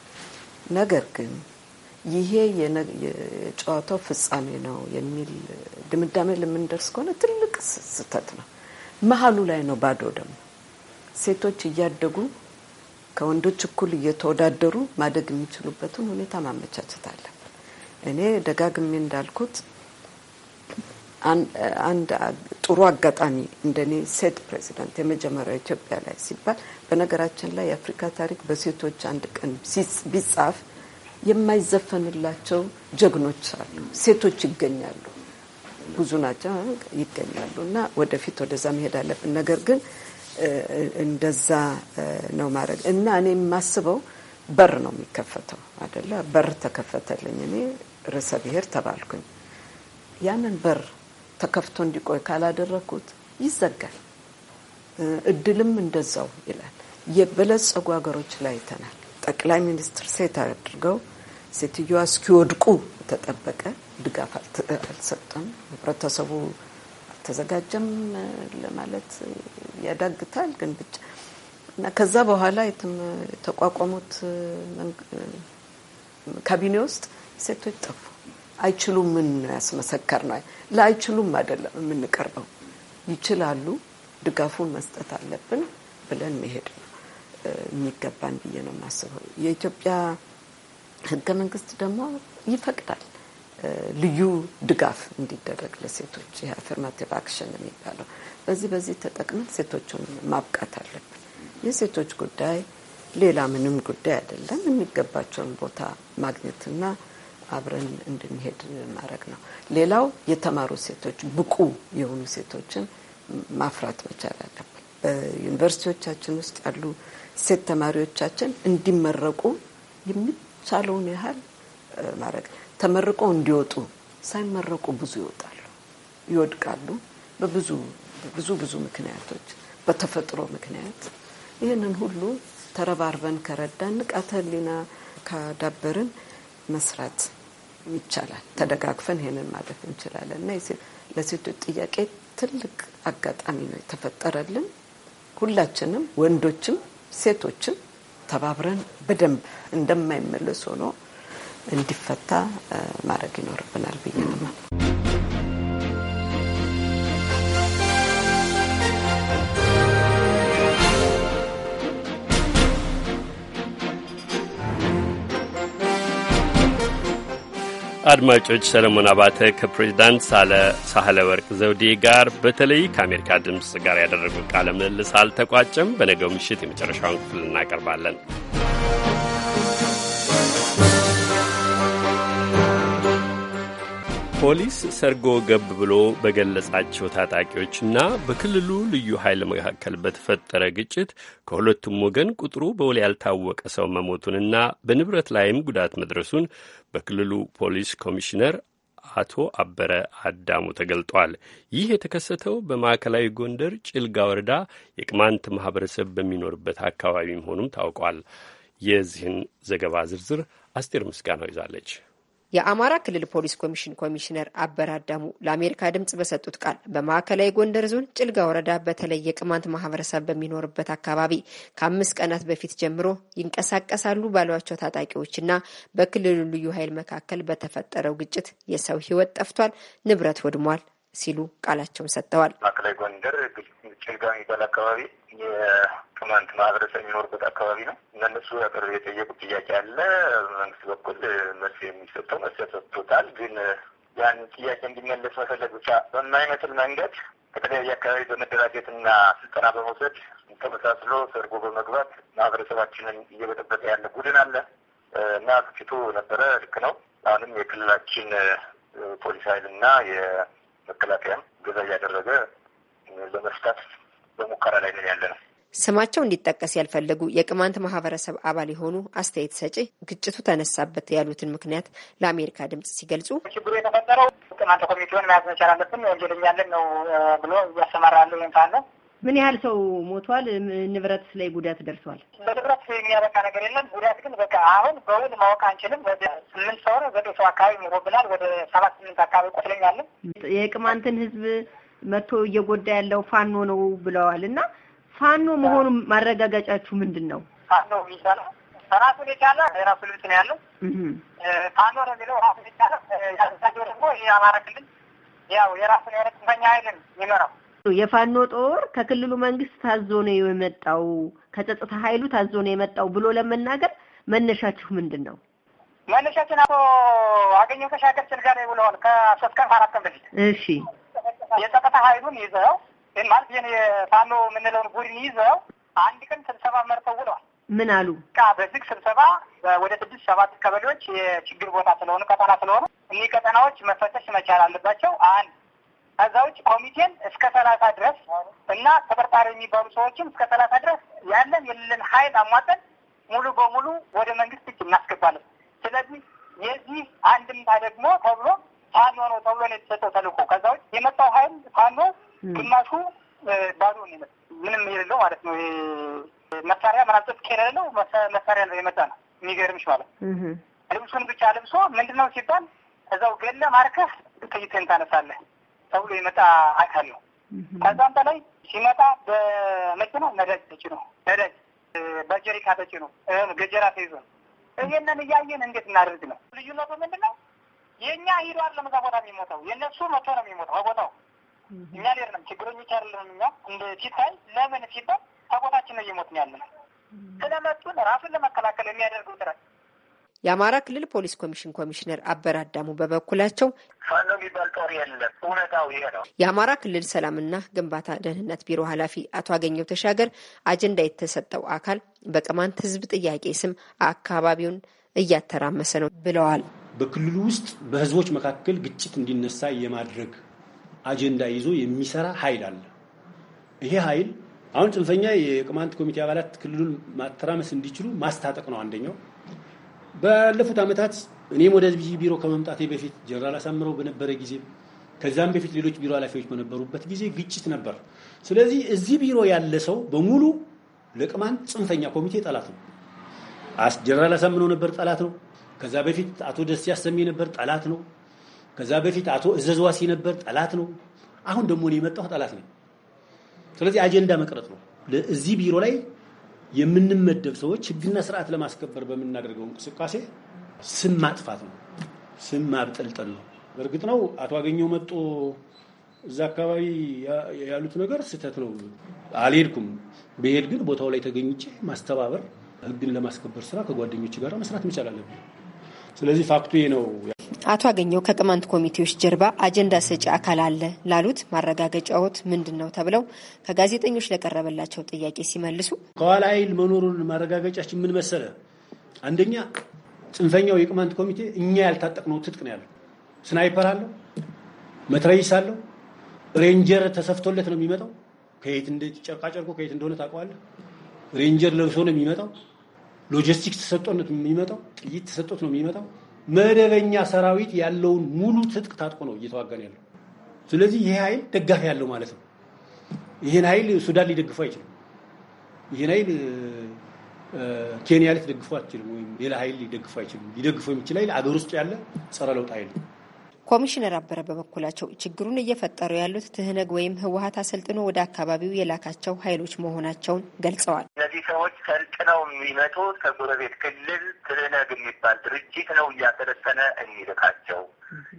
ነገር ግን ይሄ የጨዋታው ፍጻሜ ነው የሚል ድምዳሜ ለምንደርስ ከሆነ ትልቅ ስህተት ነው። መሀሉ ላይ ነው ባዶ ደግሞ ሴቶች እያደጉ ከወንዶች እኩል እየተወዳደሩ ማደግ የሚችሉበትን ሁኔታ ማመቻቸት አለብን። እኔ ደጋግሜ እንዳልኩት አንድ ጥሩ አጋጣሚ እንደኔ ሴት ፕሬዚዳንት የመጀመሪያው ኢትዮጵያ ላይ ሲባል በነገራችን ላይ የአፍሪካ ታሪክ በሴቶች አንድ ቀን ቢጻፍ የማይዘፈንላቸው ጀግኖች አሉ፣ ሴቶች ይገኛሉ፣ ብዙ ናቸው ይገኛሉ። እና ወደፊት ወደዛ መሄድ አለብን። ነገር ግን እንደዛ ነው ማድረግ እና እኔ የማስበው በር ነው የሚከፈተው አደለ? በር ተከፈተልኝ። እኔ ርዕሰ ብሔር ተባልኩኝ። ያንን በር ተከፍቶ እንዲቆይ ካላደረግኩት ይዘጋል። እድልም እንደዛው ይላል። የበለጸጉ ሀገሮች ላይ አይተናል። ጠቅላይ ሚኒስትር ሴት አድርገው ሴትዮዋ እስኪወድቁ ተጠበቀ። ድጋፍ አልሰጠም። ህብረተሰቡ አልተዘጋጀም ለማለት ያዳግታል። ግን ብቻ እና ከዛ በኋላ የተቋቋሙት ካቢኔ ውስጥ ሴቶች ጠፉ። አይችሉም ምን ያስመሰከር ነው? ለአይችሉም አይደለም የምንቀርበው፣ ይችላሉ፣ ድጋፉን መስጠት አለብን ብለን መሄድ ነው የሚገባን ብዬ ነው የማስበው የኢትዮጵያ ህገ መንግስት ደግሞ ይፈቅዳል ልዩ ድጋፍ እንዲደረግ ለሴቶች ይህ አክሽን የሚባለው በዚህ በዚህ ተጠቅመን ሴቶችን ማብቃት አለብን። የሴቶች ጉዳይ ሌላ ምንም ጉዳይ አይደለም። የሚገባቸውን ቦታ ማግኘትና አብረን እንድንሄድ ማድረግ ነው። ሌላው የተማሩ ሴቶች፣ ብቁ የሆኑ ሴቶችን ማፍራት መቻል አለብን። በዩኒቨርሲቲዎቻችን ውስጥ ያሉ ሴት ተማሪዎቻችን እንዲመረቁ የተቻለውን ያህል ማድረግ ተመርቆ እንዲወጡ ሳይመረቁ ብዙ ይወጣሉ፣ ይወድቃሉ። በብዙ ብዙ ብዙ ምክንያቶች በተፈጥሮ ምክንያት ይህንን ሁሉ ተረባርበን ከረዳን ንቃተ ህሊና ካዳበርን መስራት ይቻላል። ተደጋግፈን ይህንን ማለፍ እንችላለን እና ለሴቶች ጥያቄ ትልቅ አጋጣሚ ነው የተፈጠረልን። ሁላችንም ወንዶችም ሴቶችም ተባብረን በደንብ እንደማይመለስ ሆኖ እንዲፈታ ማድረግ ይኖርብናል ብዬ ነው። አድማጮች ሰለሞን አባተ ከፕሬዚዳንት ሳህለ ወርቅ ዘውዴ ጋር በተለይ ከአሜሪካ ድምፅ ጋር ያደረጉት ቃለ ምልልስ አልተቋጨም። በነገው ምሽት የመጨረሻውን ክፍል እናቀርባለን። ፖሊስ ሰርጎ ገብ ብሎ በገለጻቸው ታጣቂዎችና በክልሉ ልዩ ኃይል መካከል በተፈጠረ ግጭት ከሁለቱም ወገን ቁጥሩ በውል ያልታወቀ ሰው መሞቱንና በንብረት ላይም ጉዳት መድረሱን በክልሉ ፖሊስ ኮሚሽነር አቶ አበረ አዳሙ ተገልጧል። ይህ የተከሰተው በማዕከላዊ ጎንደር ጭልጋ ወረዳ የቅማንት ማህበረሰብ በሚኖርበት አካባቢ መሆኑም ታውቋል። የዚህን ዘገባ ዝርዝር አስቴር ምስጋናው ይዛለች። የአማራ ክልል ፖሊስ ኮሚሽን ኮሚሽነር አበራዳሙ ለአሜሪካ ድምጽ በሰጡት ቃል በማዕከላዊ ጎንደር ዞን ጭልጋ ወረዳ በተለይ የቅማንት ማህበረሰብ በሚኖርበት አካባቢ ከአምስት ቀናት በፊት ጀምሮ ይንቀሳቀሳሉ ባሏቸው ታጣቂዎችና በክልሉ ልዩ ኃይል መካከል በተፈጠረው ግጭት የሰው ሕይወት ጠፍቷል፣ ንብረት ወድሟል ሲሉ ቃላቸውን ሰጥተዋል። ማዕከላዊ ጎንደር ጭልጋ የሚባል አካባቢ የቅማንት ማህበረሰብ የሚኖርበት አካባቢ ነው እና እነሱ ያቀርብ የጠየቁት ጥያቄ አለ። በመንግስት በኩል መልስ የሚሰጠው መልስ ሰጥቶታል። ግን ያን ጥያቄ እንዲመለስ መፈለግ ብቻ በማይመስል መንገድ ከተለያየ አካባቢ በመደራጀት እና ስልጠና በመውሰድ ተመሳስሎ ሰርጎ በመግባት ማህበረሰባችንን እየበጠበጠ ያለ ቡድን አለ እና ግጭቱ ነበረ። ልክ ነው። አሁንም የክልላችን ፖሊስ ኃይልና የመከላከያም ገዛ እያደረገ ለመፍታት በሙከራ ላይ ነን ያለ ነው። ስማቸው እንዲጠቀስ ያልፈለጉ የቅማንት ማህበረሰብ አባል የሆኑ አስተያየት ሰጪ ግጭቱ ተነሳበት ያሉትን ምክንያት ለአሜሪካ ድምጽ ሲገልጹ ችግሩ የተፈጠረው ቅማንት ኮሚቴውን መያዝ መቻል አለብን፣ ወንጀለኛ አለን ነው ብሎ እያሰማራ ያለው ይንታ ምን ያህል ሰው ሞቷል? ንብረት ላይ ጉዳት ደርሷል? በንብረት የሚያበቃ ነገር የለም። ጉዳት ግን በቃ አሁን በውል ማወቅ አንችልም። ወደ ስምንት ሰው ነው ዘጠኝ ሰው አካባቢ ሞቶብናል። ወደ ሰባት ስምንት አካባቢ ቆስለኛለን። የቅማንትን ህዝብ መቶ እየጎዳ ያለው ፋኖ ነው ብለዋል። እና ፋኖ መሆኑ ማረጋገጫችሁ ምንድን ነው? ፋኖ የሚባል ራሱን የቻለ የራሱ ልብስ ነው ያለው። ፋኖ ነው የሚለው ራሱን የቻለ ያዘጋጀው ደግሞ የአማራ ክልል ያው የራሱን ያለ ጽንፈኛ ኃይልን ይመራው የፋኖ ጦር ከክልሉ መንግስት ታዞ ነው የመጣው፣ ከጸጥታ ኃይሉ ታዞ ነው የመጣው ብሎ ለመናገር መነሻችሁ ምንድን ነው? መነሻችን አቶ አገኘው ተሻገር ስልጋ ላይ ብለዋል ከሶስት ቀን ከአራት ቀን በፊት። እሺ የጸጥታ ኃይሉን ይዘው ማለት የፋኖ የምንለውን ቡድን ይዘው አንድ ቀን ስብሰባ መርተው ውለዋል። ምን አሉ? ቃ በዝግ ስብሰባ ወደ ስድስት ሰባት ቀበሌዎች የችግር ቦታ ስለሆኑ ቀጠና ስለሆኑ እኒህ ቀጠናዎች መፈተሽ መቻል አለባቸው። አንድ ከዛ ውጭ ኮሚቴን እስከ ሰላሳ ድረስ እና ተጠርጣሪ የሚባሉ ሰዎችም እስከ ሰላሳ ድረስ ያለን የሌለን ሀይል አሟጠን ሙሉ በሙሉ ወደ መንግስት እጅ እናስገባለን። ስለዚህ የዚህ አንድምታ ደግሞ ተብሎ ፋኖ ነው ተብሎ ነው የተሰጠው ተልእኮ። ከዛ ውጭ የመጣው ሀይል ፋኖ ግማሹ ባዶ ነው፣ ምንም የሌለው ማለት ነው። መሳሪያ ምናምን ከሌለው መሳሪያ ነው የመጣ ነው። የሚገርምሽ ማለት ልብሱን ብቻ ልብሶ ምንድን ነው ሲባል እዛው ገለ ማርከህ ጥይትህን ታነሳለህ ተብሎ የመጣ አካል ነው። ከዛም በላይ ሲመጣ በመኪና ነዳጅ ተጭኖ ነዳጅ በጀሪካ ተጭኖ ገጀራ ተይዞ ይህንን እያየን እንዴት እናደርግ ነው? ልዩነቱ ምንድን ነው? የእኛ ሂዶ አይደለም እዛ ቦታ የሚሞተው የእነሱ መቶ ነው የሚሞተው ከቦታው። እኛ ሌርንም ችግረኞች አይደለም። እኛ እንደ ሲታይ ለምን ሲባል ከቦታችን ነው እየሞትን ያለ ነው። ስለመጡን ራሱን ለመከላከል የሚያደርገው ጥረት የአማራ ክልል ፖሊስ ኮሚሽን ኮሚሽነር አበረ አዳሙ በበኩላቸው ፋኖ የሚባል ጦር የለም፣ እውነታው ይሄ ነው። የአማራ ክልል ሰላምና ግንባታ ደህንነት ቢሮ ኃላፊ አቶ አገኘው ተሻገር አጀንዳ የተሰጠው አካል በቅማንት ሕዝብ ጥያቄ ስም አካባቢውን እያተራመሰ ነው ብለዋል። በክልሉ ውስጥ በህዝቦች መካከል ግጭት እንዲነሳ የማድረግ አጀንዳ ይዞ የሚሰራ ኃይል አለ። ይሄ ኃይል አሁን ጽንፈኛ የቅማንት ኮሚቴ አባላት ክልሉን ማተራመስ እንዲችሉ ማስታጠቅ ነው አንደኛው። ባለፉት ዓመታት እኔም ወደ ቢሮ ከመምጣቴ በፊት ጀነራል አሳምረው በነበረ ጊዜ ከዛም በፊት ሌሎች ቢሮ ኃላፊዎች በነበሩበት ጊዜ ግጭት ነበር። ስለዚህ እዚህ ቢሮ ያለ ሰው በሙሉ ለቅማንት ጽንፈኛ ኮሚቴ ጠላት ነው። ጀነራል አሳምነው ነበር ጠላት ነው። ከዛ በፊት አቶ ደስ ያሰሚ ነበር፣ ጠላት ነው። ከዛ በፊት አቶ እዘዝዋሲ ዋሲ ነበር፣ ጠላት ነው። አሁን ደግሞ ነው የመጣው፣ ጠላት ነው። ስለዚህ አጀንዳ መቅረጥ ነው። እዚህ ቢሮ ላይ የምንመደብ ሰዎች ህግና ስርዓት ለማስከበር በምናደርገው እንቅስቃሴ ስም ማጥፋት ነው፣ ስም ማብጠልጠል ነው። በርግጥ ነው አቶ አገኘው መጦ እዛ አካባቢ ያሉት ነገር ስህተት ነው። አልሄድኩም። ብሄድ ግን ቦታው ላይ ተገኝቼ ማስተባበር ህግን ለማስከበር ስራ ከጓደኞች ጋር መስራት መቻል አለብን። ስለዚህ ፋክቱ ነው። አቶ አገኘው ከቅማንት ኮሚቴዎች ጀርባ አጀንዳ ሰጪ አካል አለ ላሉት ማረጋገጫዎት ምንድን ነው ተብለው ከጋዜጠኞች ለቀረበላቸው ጥያቄ ሲመልሱ ከኋላ ኃይል መኖሩን ማረጋገጫችን ምን መሰለ፣ አንደኛ ጽንፈኛው የቅማንት ኮሚቴ እኛ ያልታጠቅነው ትጥቅ ነው ያለው። ስናይፐር አለው፣ መትረይስ አለው፣ ሬንጀር ተሰፍቶለት ነው የሚመጣው። ከየት ጨርቃጨርቆ ከየት እንደሆነ ታውቀዋለህ። ሬንጀር ለብሶ ነው የሚመጣው። ሎጂስቲክስ ተሰጥቶነት የሚመጣው ጥይት ተሰጥቶት ነው የሚመጣው። መደበኛ ሰራዊት ያለውን ሙሉ ትጥቅ ታጥቆ ነው እየተዋጋን ያለው። ስለዚህ ይሄ ኃይል ደጋፊ ያለው ማለት ነው። ይህን ኃይል ሱዳን ሊደግፈው አይችልም። ይህን ኃይል ኬንያ ልትደግፈው አትችልም፣ ወይም ሌላ ኃይል ሊደግፈው አይችልም። ሊደግፈው የሚችል ኃይል አገር ውስጥ ያለ ጸረ ለውጥ ኃይል ነው። ኮሚሽነር አበረ በበኩላቸው ችግሩን እየፈጠሩ ያሉት ትህነግ ወይም ህወሀት አሰልጥኖ ወደ አካባቢው የላካቸው ኃይሎች መሆናቸውን ገልጸዋል። እነዚህ ሰዎች ሰልጥነው የሚመጡት ከጎረቤት ክልል ትህነግ የሚባል ድርጅት ነው እያሰለጠነ የሚልካቸው።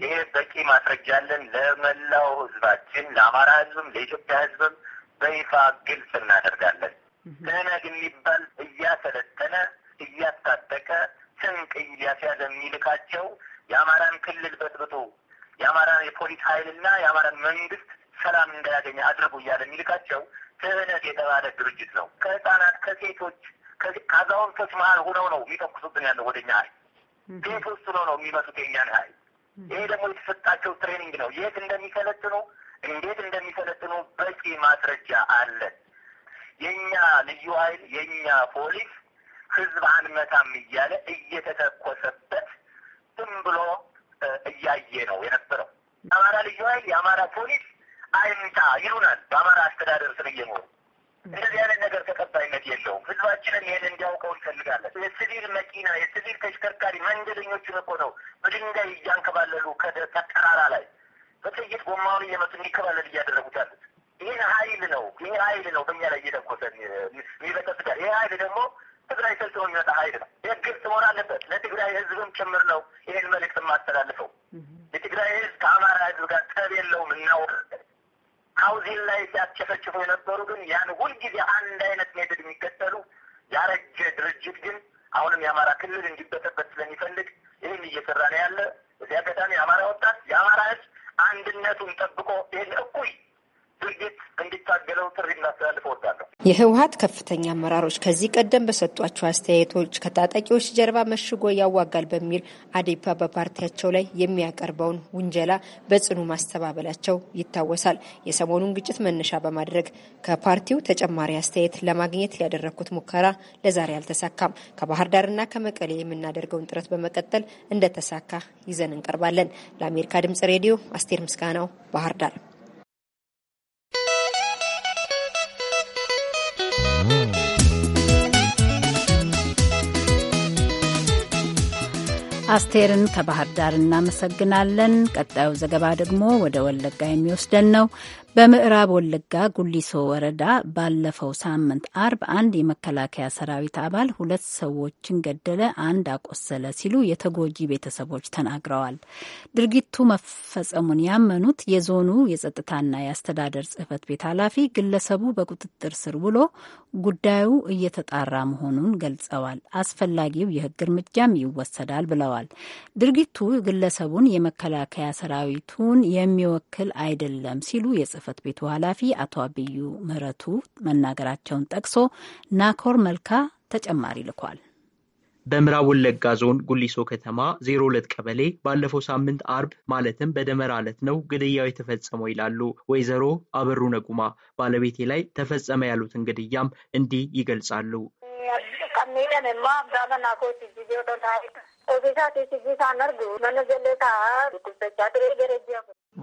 ይሄ በቂ ማስረጃ አለን። ለመላው ህዝባችን፣ ለአማራ ህዝብም፣ ለኢትዮጵያ ህዝብም በይፋ ግልጽ እናደርጋለን። ትህነግ የሚባል እያሰለጠነ እያስታጠቀ ስንቅ እያስያዘ የሚልካቸው የአማራን ክልል በጥብጦ የአማራን የፖሊስ ኃይልና የአማራን መንግስት ሰላም እንዳያገኝ አድርጉ እያለ የሚልካቸው ትህነት የተባለ ድርጅት ነው። ከህፃናት ከሴቶች ከአዛውንቶች መሀል ሁነው ነው የሚተኩሱብን ያለው ወደኛ ሀይል ቤት ውስጥ ሆነው ነው የሚመቱት የኛን ሀይል። ይሄ ደግሞ የተሰጣቸው ትሬኒንግ ነው። የት እንደሚሰለጥኑ እንዴት እንደሚሰለጥኑ በቂ ማስረጃ አለን። የእኛ ልዩ ሀይል የእኛ ፖሊስ ህዝብ አንመታም እያለ እየተተኮሰበት ዝም ብሎ እያየ ነው የነበረው። የአማራ ልዩ ኃይል የአማራ ፖሊስ አይምታ ይሉናል። በአማራ አስተዳደር ስር እየኖሩ እንደዚህ አይነት ነገር ተቀባይነት የለውም። ህዝባችንን ይህን እንዲያውቀው እንፈልጋለን። የሲቪል መኪና፣ የሲቪል ተሽከርካሪ መንገደኞችን እኮ ነው በድንጋይ እያንከባለሉ ከተራራ ላይ በጥይት ጎማውን እየመቱ እንዲከባለል እያደረጉት ያሉት። ይህን ኃይል ነው ይህ ኃይል ነው በእኛ ላይ እየተኮሰ ጋር ይህ ኃይል ደግሞ ትግራይ ሰልጥኖ የሚመጣ ሀይል ነው። ይህ መሆን አለበት። ለትግራይ ህዝብም ጭምር ነው ይህን መልእክት የማስተላልፈው። የትግራይ ህዝብ ከአማራ ህዝብ ጋር ጠብ የለውም። እናውቅ ሀውዚን ላይ ሲያጨፈጭፉ የነበሩ ግን ያን ሁልጊዜ አንድ አይነት ሜትድ የሚከተሉ ያረጀ ድርጅት ግን አሁንም የአማራ ክልል እንዲበጠበት ስለሚፈልግ ይህን እየሰራ ነው ያለ። እዚህ አጋጣሚ የአማራ ወጣት የአማራ ህዝብ አንድነቱን ጠብቆ ይህን እኩይ ድርጊት እንዲታገለው ጥሪ እናስተላልፍ እወዳለሁ። የህወሀት ከፍተኛ አመራሮች ከዚህ ቀደም በሰጧቸው አስተያየቶች ከታጣቂዎች ጀርባ መሽጎ ያዋጋል በሚል አዴፓ በፓርቲያቸው ላይ የሚያቀርበውን ውንጀላ በጽኑ ማስተባበላቸው ይታወሳል። የሰሞኑን ግጭት መነሻ በማድረግ ከፓርቲው ተጨማሪ አስተያየት ለማግኘት ያደረግኩት ሙከራ ለዛሬ አልተሳካም። ከባህር ዳርና ከመቀሌ የምናደርገውን ጥረት በመቀጠል እንደተሳካ ይዘን እንቀርባለን። ለአሜሪካ ድምጽ ሬዲዮ አስቴር ምስጋናው ባህር ዳር። አስቴርን ከባህር ዳር እናመሰግናለን። ቀጣዩ ዘገባ ደግሞ ወደ ወለጋ የሚወስደን ነው። በምዕራብ ወለጋ ጉሊሶ ወረዳ ባለፈው ሳምንት አርብ አንድ የመከላከያ ሰራዊት አባል ሁለት ሰዎችን ገደለ፣ አንድ አቆሰለ ሲሉ የተጎጂ ቤተሰቦች ተናግረዋል። ድርጊቱ መፈጸሙን ያመኑት የዞኑ የጸጥታና የአስተዳደር ጽህፈት ቤት ኃላፊ ግለሰቡ በቁጥጥር ስር ውሎ ጉዳዩ እየተጣራ መሆኑን ገልጸዋል። አስፈላጊው የህግ እርምጃም ይወሰዳል ብለዋል። ድርጊቱ ግለሰቡን የመከላከያ ሰራዊቱን የሚወክል አይደለም ሲሉ የጽፈ ጽህፈት ቤቱ ኃላፊ አቶ አብዩ ምህረቱ መናገራቸውን ጠቅሶ ናኮር መልካ ተጨማሪ ልኳል። በምዕራብ ወለጋ ዞን ጉሊሶ ከተማ 02 ቀበሌ ባለፈው ሳምንት አርብ ማለትም በደመራ ዕለት ነው ግድያው የተፈጸመው ይላሉ ወይዘሮ አበሩ ነጉማ። ባለቤቴ ላይ ተፈጸመ ያሉትን ግድያም እንዲህ ይገልጻሉ።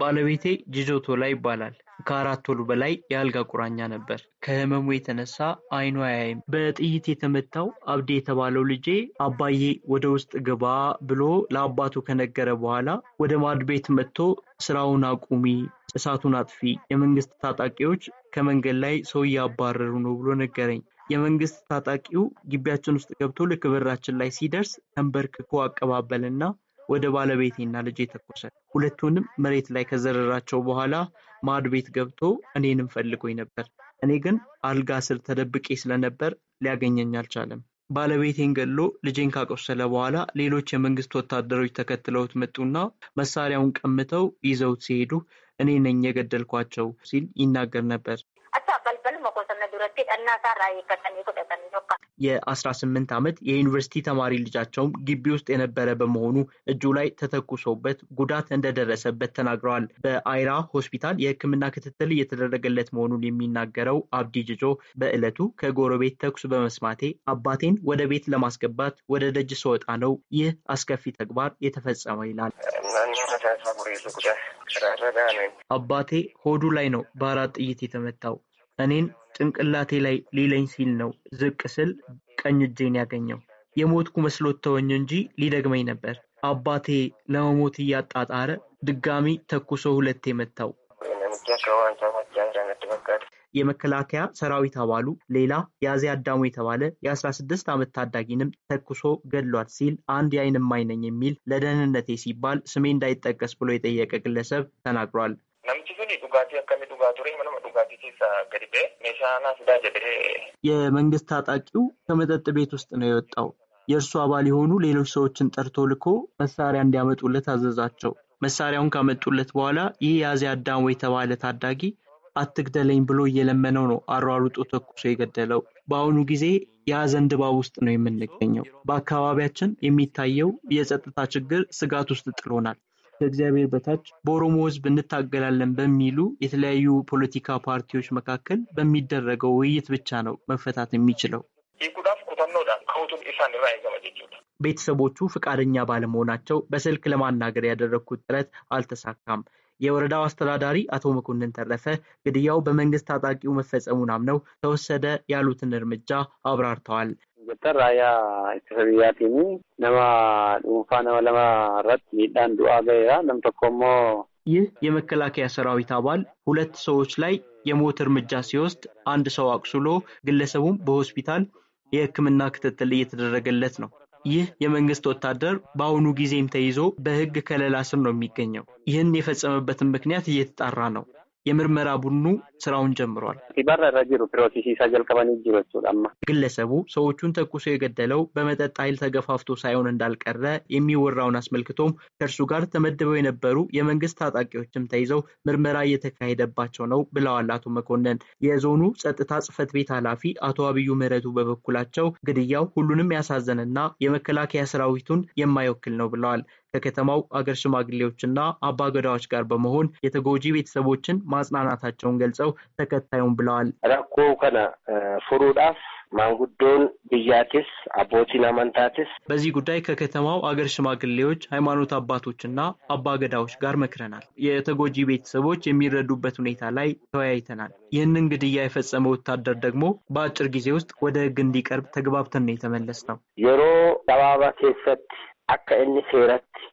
ባለቤቴ ጅጆቶ ላይ ይባላል። ከአራት ወሩ በላይ የአልጋ ቁራኛ ነበር። ከህመሙ የተነሳ አይኑ አያይም። በጥይት የተመታው አብዴ የተባለው ልጄ አባዬ ወደ ውስጥ ግባ ብሎ ለአባቱ ከነገረ በኋላ ወደ ማድ ቤት መጥቶ ስራውን አቁሚ፣ እሳቱን አጥፊ፣ የመንግስት ታጣቂዎች ከመንገድ ላይ ሰው እያባረሩ ነው ብሎ ነገረኝ። የመንግስት ታጣቂው ግቢያችን ውስጥ ገብቶ ልክ በራችን ላይ ሲደርስ ተንበርክኮ አቀባበልና ወደ ባለቤቴና ልጄ ተኮሰ። ሁለቱንም መሬት ላይ ከዘረራቸው በኋላ ማድ ቤት ገብቶ እኔንም ፈልጎኝ ነበር። እኔ ግን አልጋ ስር ተደብቄ ስለነበር ሊያገኘኝ አልቻለም። ባለቤቴን ገሎ ልጄን ካቆሰለ በኋላ ሌሎች የመንግስት ወታደሮች ተከትለውት መጡና መሳሪያውን ቀምተው ይዘውት ሲሄዱ እኔ ነኝ የገደልኳቸው ሲል ይናገር ነበር። የአስራ ስምንት ዓመት የዩኒቨርሲቲ ተማሪ ልጃቸውም ግቢ ውስጥ የነበረ በመሆኑ እጁ ላይ ተተኩሶበት ጉዳት እንደደረሰበት ተናግረዋል። በአይራ ሆስፒታል የሕክምና ክትትል እየተደረገለት መሆኑን የሚናገረው አብዲ ጅጆ በዕለቱ ከጎረቤት ተኩስ በመስማቴ አባቴን ወደ ቤት ለማስገባት ወደ ደጅ ስወጣ ነው ይህ አስከፊ ተግባር የተፈጸመ ይላል። አባቴ ሆዱ ላይ ነው በአራት ጥይት የተመታው። እኔን ጭንቅላቴ ላይ ሊለኝ ሲል ነው ዝቅ ስል ቀኝ እጄን ያገኘው። የሞትኩ መስሎት ተወኝ እንጂ ሊደግመኝ ነበር። አባቴ ለመሞት እያጣጣረ ድጋሚ ተኩሶ ሁለቴ መታው። የመከላከያ ሰራዊት አባሉ ሌላ ያዜ አዳሙ የተባለ የ16 ዓመት ታዳጊንም ተኩሶ ገድሏት ሲል አንድ የዓይን እማኝ ነኝ የሚል ለደህንነቴ ሲባል ስሜ እንዳይጠቀስ ብሎ የጠየቀ ግለሰብ ተናግሯል። Namichi sun dhugaatii akkamii dhugaa ture manuma dhugaatii keessaa gadi ba'e meeshaa naa fidaa jedhee. የመንግስት ታጣቂው ከመጠጥ ቤት ውስጥ ነው የወጣው። የእርሱ አባል የሆኑ ሌሎች ሰዎችን ጠርቶ ልኮ መሳሪያ እንዲያመጡለት አዘዛቸው። መሳሪያውን ካመጡለት በኋላ ይህ ያዜ አዳሞ የተባለ ታዳጊ አትግደለኝ ብሎ እየለመነው ነው አሯሩጦ ተኩሶ የገደለው። በአሁኑ ጊዜ የሀዘን ድባብ ውስጥ ነው የምንገኘው። በአካባቢያችን የሚታየው የጸጥታ ችግር ስጋት ውስጥ ጥሎናል። ከእግዚአብሔር በታች በኦሮሞ ህዝብ እንታገላለን በሚሉ የተለያዩ ፖለቲካ ፓርቲዎች መካከል በሚደረገው ውይይት ብቻ ነው መፈታት የሚችለው። ቤተሰቦቹ ፈቃደኛ ባለመሆናቸው በስልክ ለማናገር ያደረግኩት ጥረት አልተሳካም። የወረዳው አስተዳዳሪ አቶ መኮንን ተረፈ ግድያው በመንግስት ታጣቂው መፈጸሙን አምነው ተወሰደ ያሉትን እርምጃ አብራርተዋል። jettan raayyaa ittisa biyyaatiin nama dhuunfaa nama lama irratti miidhaan du'aa ga'eera. Nam tokko immoo ይህ የመከላከያ ሰራዊት አባል ሁለት ሰዎች ላይ የሞት እርምጃ ሲወስድ አንድ ሰው አቁስሎ ግለሰቡም በሆስፒታል የህክምና ክትትል እየተደረገለት ነው። ይህ የመንግስት ወታደር በአሁኑ ጊዜም ተይዞ በህግ ከለላ ስር ነው የሚገኘው። ይህን የፈጸመበትን ምክንያት እየተጣራ ነው። የምርመራ ቡድኑ ስራውን ጀምሯል። ግለሰቡ ሰዎቹን ተኩሶ የገደለው በመጠጥ ኃይል ተገፋፍቶ ሳይሆን እንዳልቀረ የሚወራውን አስመልክቶም ከእርሱ ጋር ተመድበው የነበሩ የመንግስት ታጣቂዎችም ተይዘው ምርመራ እየተካሄደባቸው ነው ብለዋል አቶ መኮንን። የዞኑ ጸጥታ ጽህፈት ቤት ኃላፊ አቶ አብዩ ምህረቱ በበኩላቸው ግድያው ሁሉንም ያሳዘንና የመከላከያ ሰራዊቱን የማይወክል ነው ብለዋል። ከከተማው አገር ሽማግሌዎችና አባገዳዎች ጋር በመሆን የተጎጂ ቤተሰቦችን ማጽናናታቸውን ገልጸው ተከታዩም ብለዋል። ረኮ ከነ ፍሩዳፍ ማንጉዶን ብያቲስ አቦቲን አመንታቲስ በዚህ ጉዳይ ከከተማው አገር ሽማግሌዎች፣ ሃይማኖት አባቶችና አባገዳዎች ጋር መክረናል። የተጎጂ ቤተሰቦች የሚረዱበት ሁኔታ ላይ ተወያይተናል። ይህንን ግድያ የፈጸመ ወታደር ደግሞ በአጭር ጊዜ ውስጥ ወደ ሕግ እንዲቀርብ ተግባብተን ነው የተመለስ ነው የሮ ሰባባ ሴሰት akka inni seeratti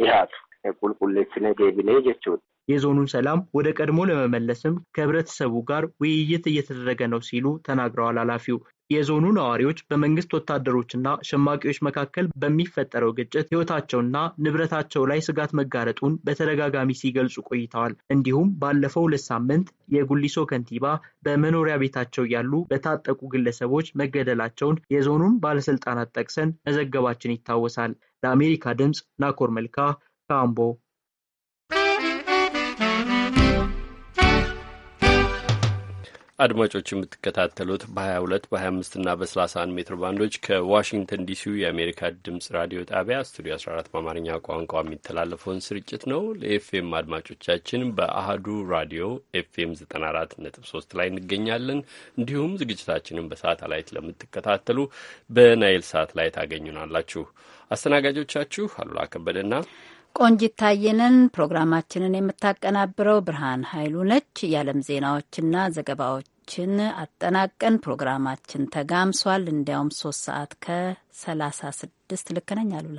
dhihaatu qulqulleessinee deebinee jechuudha. የዞኑን ሰላም ወደ ቀድሞ ለመመለስም ከህብረተሰቡ ጋር ውይይት እየተደረገ ነው ሲሉ ተናግረዋል ኃላፊው። የዞኑ ነዋሪዎች በመንግስት ወታደሮችና ሸማቂዎች መካከል በሚፈጠረው ግጭት ህይወታቸውና ንብረታቸው ላይ ስጋት መጋረጡን በተደጋጋሚ ሲገልጹ ቆይተዋል። እንዲሁም ባለፈው ሁለት ሳምንት የጉሊሶ ከንቲባ በመኖሪያ ቤታቸው ያሉ በታጠቁ ግለሰቦች መገደላቸውን የዞኑን ባለስልጣናት ጠቅሰን መዘገባችን ይታወሳል። ለአሜሪካ ድምፅ ናኮር መልካ ካምቦ አድማጮች የምትከታተሉት በ22 በ25 እና በ31 ሜትር ባንዶች ከዋሽንግተን ዲሲው የአሜሪካ ድምፅ ራዲዮ ጣቢያ ስቱዲዮ 14 በአማርኛ ቋንቋ የሚተላለፈውን ስርጭት ነው። ለኤፍኤም አድማጮቻችን በአህዱ ራዲዮ ኤፍኤም 94.3 ላይ እንገኛለን። እንዲሁም ዝግጅታችንን በሳተላይት ለምትከታተሉ በናይል ሳት ላይ ታገኙናላችሁ። አስተናጋጆቻችሁ አሉላ ከበደና ቆንጂት ታየንን፣ ፕሮግራማችንን የምታቀናብረው ብርሃን ኃይሉ ነች። የዓለም ዜናዎችና ዘገባዎችን አጠናቀን ፕሮግራማችን ተጋምሷል። እንዲያውም ሶስት ሰዓት ከሰላሳ ስድስት ልክ ነኝ አሉላ?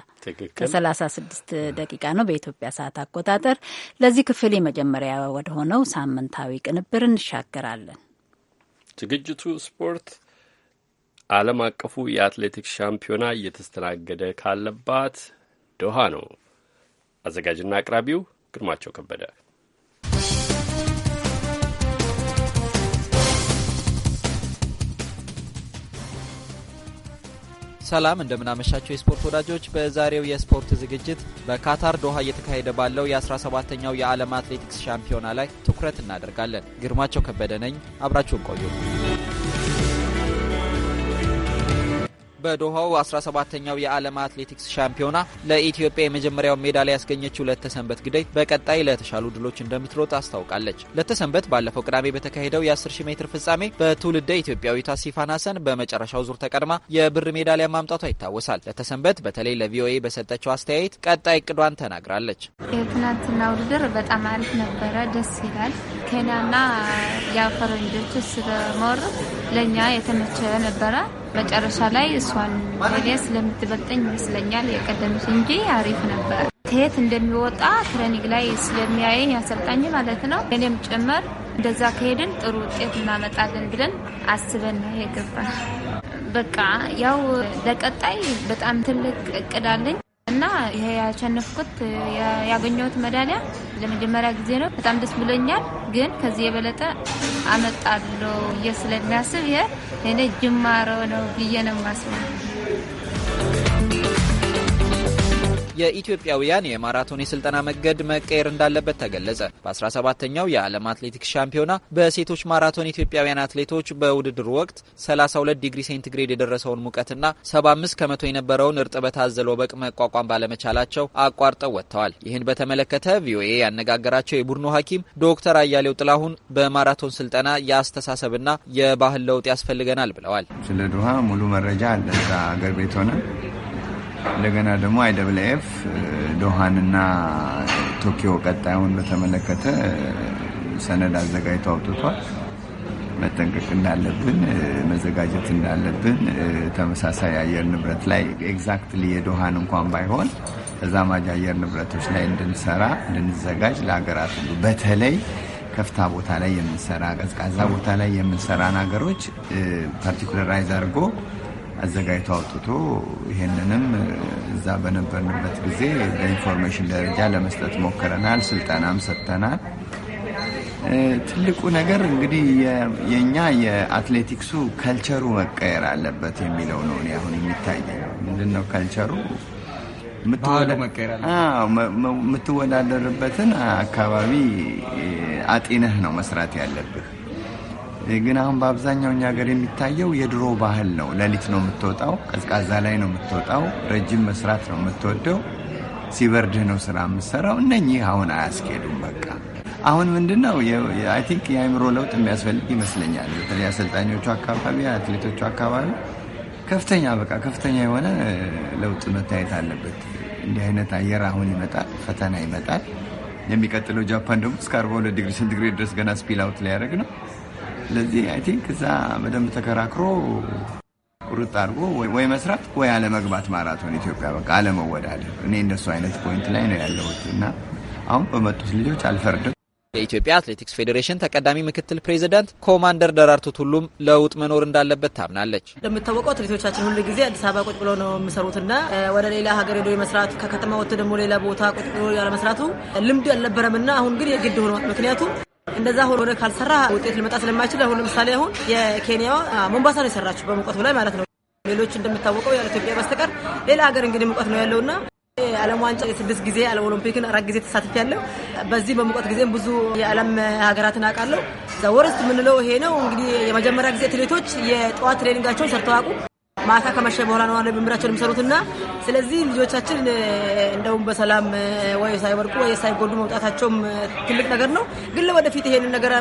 ከሰላሳ ስድስት ደቂቃ ነው በኢትዮጵያ ሰዓት አቆጣጠር። ለዚህ ክፍል የመጀመሪያ ወደሆነው ሳምንታዊ ቅንብር እንሻገራለን። ዝግጅቱ ስፖርት ዓለም አቀፉ የአትሌቲክስ ሻምፒዮና እየተስተናገደ ካለባት ዶሃ ነው። አዘጋጅና አቅራቢው ግርማቸው ከበደ። ሰላም እንደምናመሻቸው የስፖርት ወዳጆች። በዛሬው የስፖርት ዝግጅት በካታር ዶሃ እየተካሄደ ባለው የ17ኛው የዓለም አትሌቲክስ ሻምፒዮና ላይ ትኩረት እናደርጋለን። ግርማቸው ከበደ ነኝ። አብራችሁን ቆዩ። በዶሃው 17ተኛው የዓለም አትሌቲክስ ሻምፒዮና ለኢትዮጵያ የመጀመሪያውን ሜዳሊያ ያስገኘችው ለተሰንበት ግደይ በቀጣይ ለተሻሉ ድሎች እንደምትሮጥ አስታውቃለች። ለተሰንበት ባለፈው ቅዳሜ በተካሄደው የ10000 ሜትር ፍጻሜ በትውልደ ኢትዮጵያዊቷ ሲፋን ሀሰን በመጨረሻው ዙር ተቀድማ የብር ሜዳሊያ ማምጣቷ ይታወሳል። ለተሰንበት በተለይ ለቪኦኤ በሰጠችው አስተያየት ቀጣይ እቅዷን ተናግራለች። የትናንትና ውድድር በጣም አሪፍ ነበረ፣ ደስ ይላል ኬንያና የፈረንጆች ስለመሩ ለእኛ የተመቸ ነበረ። መጨረሻ ላይ እሷን ሬ ስለምትበልጠኝ ይመስለኛል የቀደምሽ እንጂ አሪፍ ነበር። ከየት እንደሚወጣ ትሬኒንግ ላይ ስለሚያየኝ ያሰልጣኝ ማለት ነው እኔም ጭምር እንደዛ ከሄድን ጥሩ ውጤት እናመጣለን ብለን አስበን ነው የገባን። በቃ ያው ለቀጣይ በጣም ትልቅ እቅድ አለኝ። እና ይሄ ያሸነፍኩት ያገኘሁት መዳሊያ ለመጀመሪያ ጊዜ ነው። በጣም ደስ ብሎኛል። ግን ከዚህ የበለጠ አመጣለሁ ብዬ ስለሚያስብ ይሄ ጅማሮ ነው ብዬ ነው የማስበው። የኢትዮጵያውያን የማራቶን የስልጠና መገድ መቀየር እንዳለበት ተገለጸ። 17 ተኛው የዓለም አትሌቲክስ ሻምፒዮና በሴቶች ማራቶን ኢትዮጵያውያን አትሌቶች በውድድሩ ወቅት 32 ዲግሪ ሴንቲግሬድ የደረሰውን ሙቀትና 75 ከመቶ የነበረውን እርጥበት አዘል ወበቅ መቋቋም ባለመቻላቸው አቋርጠው ወጥተዋል። ይህን በተመለከተ ቪኦኤ ያነጋገራቸው የቡድኑ ሐኪም ዶክተር አያሌው ጥላሁን በማራቶን ስልጠና የአስተሳሰብና የባህል ለውጥ ያስፈልገናል ብለዋል። ስለ ድሃ ሙሉ መረጃ አለ። እዛ አገር ቤት ሆነ እንደገና ደግሞ አይደብላኤፍ ዶሃንና ቶኪዮ ቀጣዩን በተመለከተ ሰነድ አዘጋጅቶ አውጥቷል። መጠንቀቅ እንዳለብን መዘጋጀት እንዳለብን ተመሳሳይ አየር ንብረት ላይ ኤግዛክትሊ የዶሃን እንኳን ባይሆን ተዛማጅ አየር ንብረቶች ላይ እንድንሰራ እንድንዘጋጅ ለሀገራት ሁሉ በተለይ ከፍታ ቦታ ላይ የምንሰራ ቀዝቃዛ ቦታ ላይ የምንሰራን ሀገሮች ፓርቲኩለራይዝ አድርጎ አዘጋጅቶ አውጥቶ ይህንንም እዛ በነበርንበት ጊዜ በኢንፎርሜሽን ደረጃ ለመስጠት ሞክረናል። ስልጠናም ሰጥተናል። ትልቁ ነገር እንግዲህ የእኛ የአትሌቲክሱ ከልቸሩ መቀየር አለበት የሚለው ነው። እኔ አሁን የሚታየው ምንድን ነው የምትወዳደርበትን አካባቢ አጢነህ ነው መስራት ያለብህ ግን አሁን በአብዛኛው እኛ ሀገር የሚታየው የድሮ ባህል ነው። ሌሊት ነው የምትወጣው፣ ቀዝቃዛ ላይ ነው የምትወጣው፣ ረጅም መስራት ነው የምትወደው፣ ሲበርድህ ነው ስራ የምትሰራው። እነኚህ አሁን አያስኬዱም። በቃ አሁን ምንድን ነው አይ ቲንክ የአእምሮ ለውጥ የሚያስፈልግ ይመስለኛል። በተለይ አሰልጣኞቹ አካባቢ፣ አትሌቶቹ አካባቢ ከፍተኛ በቃ ከፍተኛ የሆነ ለውጥ መታየት አለበት። እንዲህ አይነት አየር አሁን ይመጣል፣ ፈተና ይመጣል። የሚቀጥለው ጃፓን ደግሞ እስከ 42 ዲግሪ ሴንቲግሬድ ድረስ ገና ስፒል አውት ላይ ያደረግ ነው ስለዚህ አይ ቲንክ እዛ በደንብ ተከራክሮ ቁርጥ አድርጎ ወይ መስራት ወይ አለመግባት ማራቶን ኢትዮጵያ በቃ አለመወዳደር። እኔ እንደሱ አይነት ፖይንት ላይ ነው ያለሁት እና አሁን በመጡት ልጆች አልፈርድም። የኢትዮጵያ አትሌቲክስ ፌዴሬሽን ተቀዳሚ ምክትል ፕሬዚዳንት ኮማንደር ደራርቱ ቱሉም ለውጥ መኖር እንዳለበት ታምናለች። እንደሚታወቀው አትሌቶቻችን ሁሉ ጊዜ አዲስ አበባ ቁጭ ብሎ ነው የሚሰሩትና ወደ ሌላ ሀገር ሄዶ የመስራቱ ከከተማ ወጥቶ ደግሞ ሌላ ቦታ ቁጭ ብሎ ያለመስራቱ ልምድ አልነበረምና አሁን ግን የግድ ሆኗል። ምክንያቱም እንደዛ ሆነ ካልሰራ ውጤት ሊመጣ ስለማይችል አሁን ለምሳሌ አሁን የኬንያዋ ሞምባሳ ነው የሰራችው በሙቀቱ ላይ ማለት ነው። ሌሎች እንደሚታወቀው ያለ ኢትዮጵያ በስተቀር ሌላ ሀገር እንግዲህ ሙቀት ነው ያለውና የዓለም ዋንጫ የስድስት ጊዜ ዓለም ኦሎምፒክን አራት ጊዜ ተሳትፍ ያለው በዚህ በሙቀት ጊዜም ብዙ የዓለም ሀገራትን አውቃለሁ። ዛ የምንለው ይሄ ነው እንግዲህ የመጀመሪያ ጊዜ ትሌቶች የጠዋት ትሬኒንጋቸውን ሰርተው አቁ ማታ ከመሸ በኋላ ነው አለ መምህራቸው የሚሰሩትና፣ ስለዚህ ልጆቻችን እንደውም በሰላም ወይ ሳይወድቁ ወይ ሳይጎዱ መውጣታቸውም ትልቅ ነገር ነው። ግን ለወደፊት ይሄንን ነገር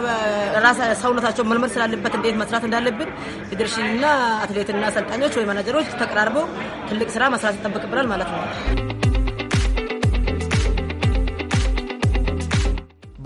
ራስ ሰውነታቸው መልመድ ስላለበት እንዴት መስራት እንዳለብን ፌዴሬሽንና አትሌትና አሰልጣኞች ወይ ማናጀሮች ተቀራርበው ትልቅ ስራ መስራት ይጠበቅብናል ማለት ነው።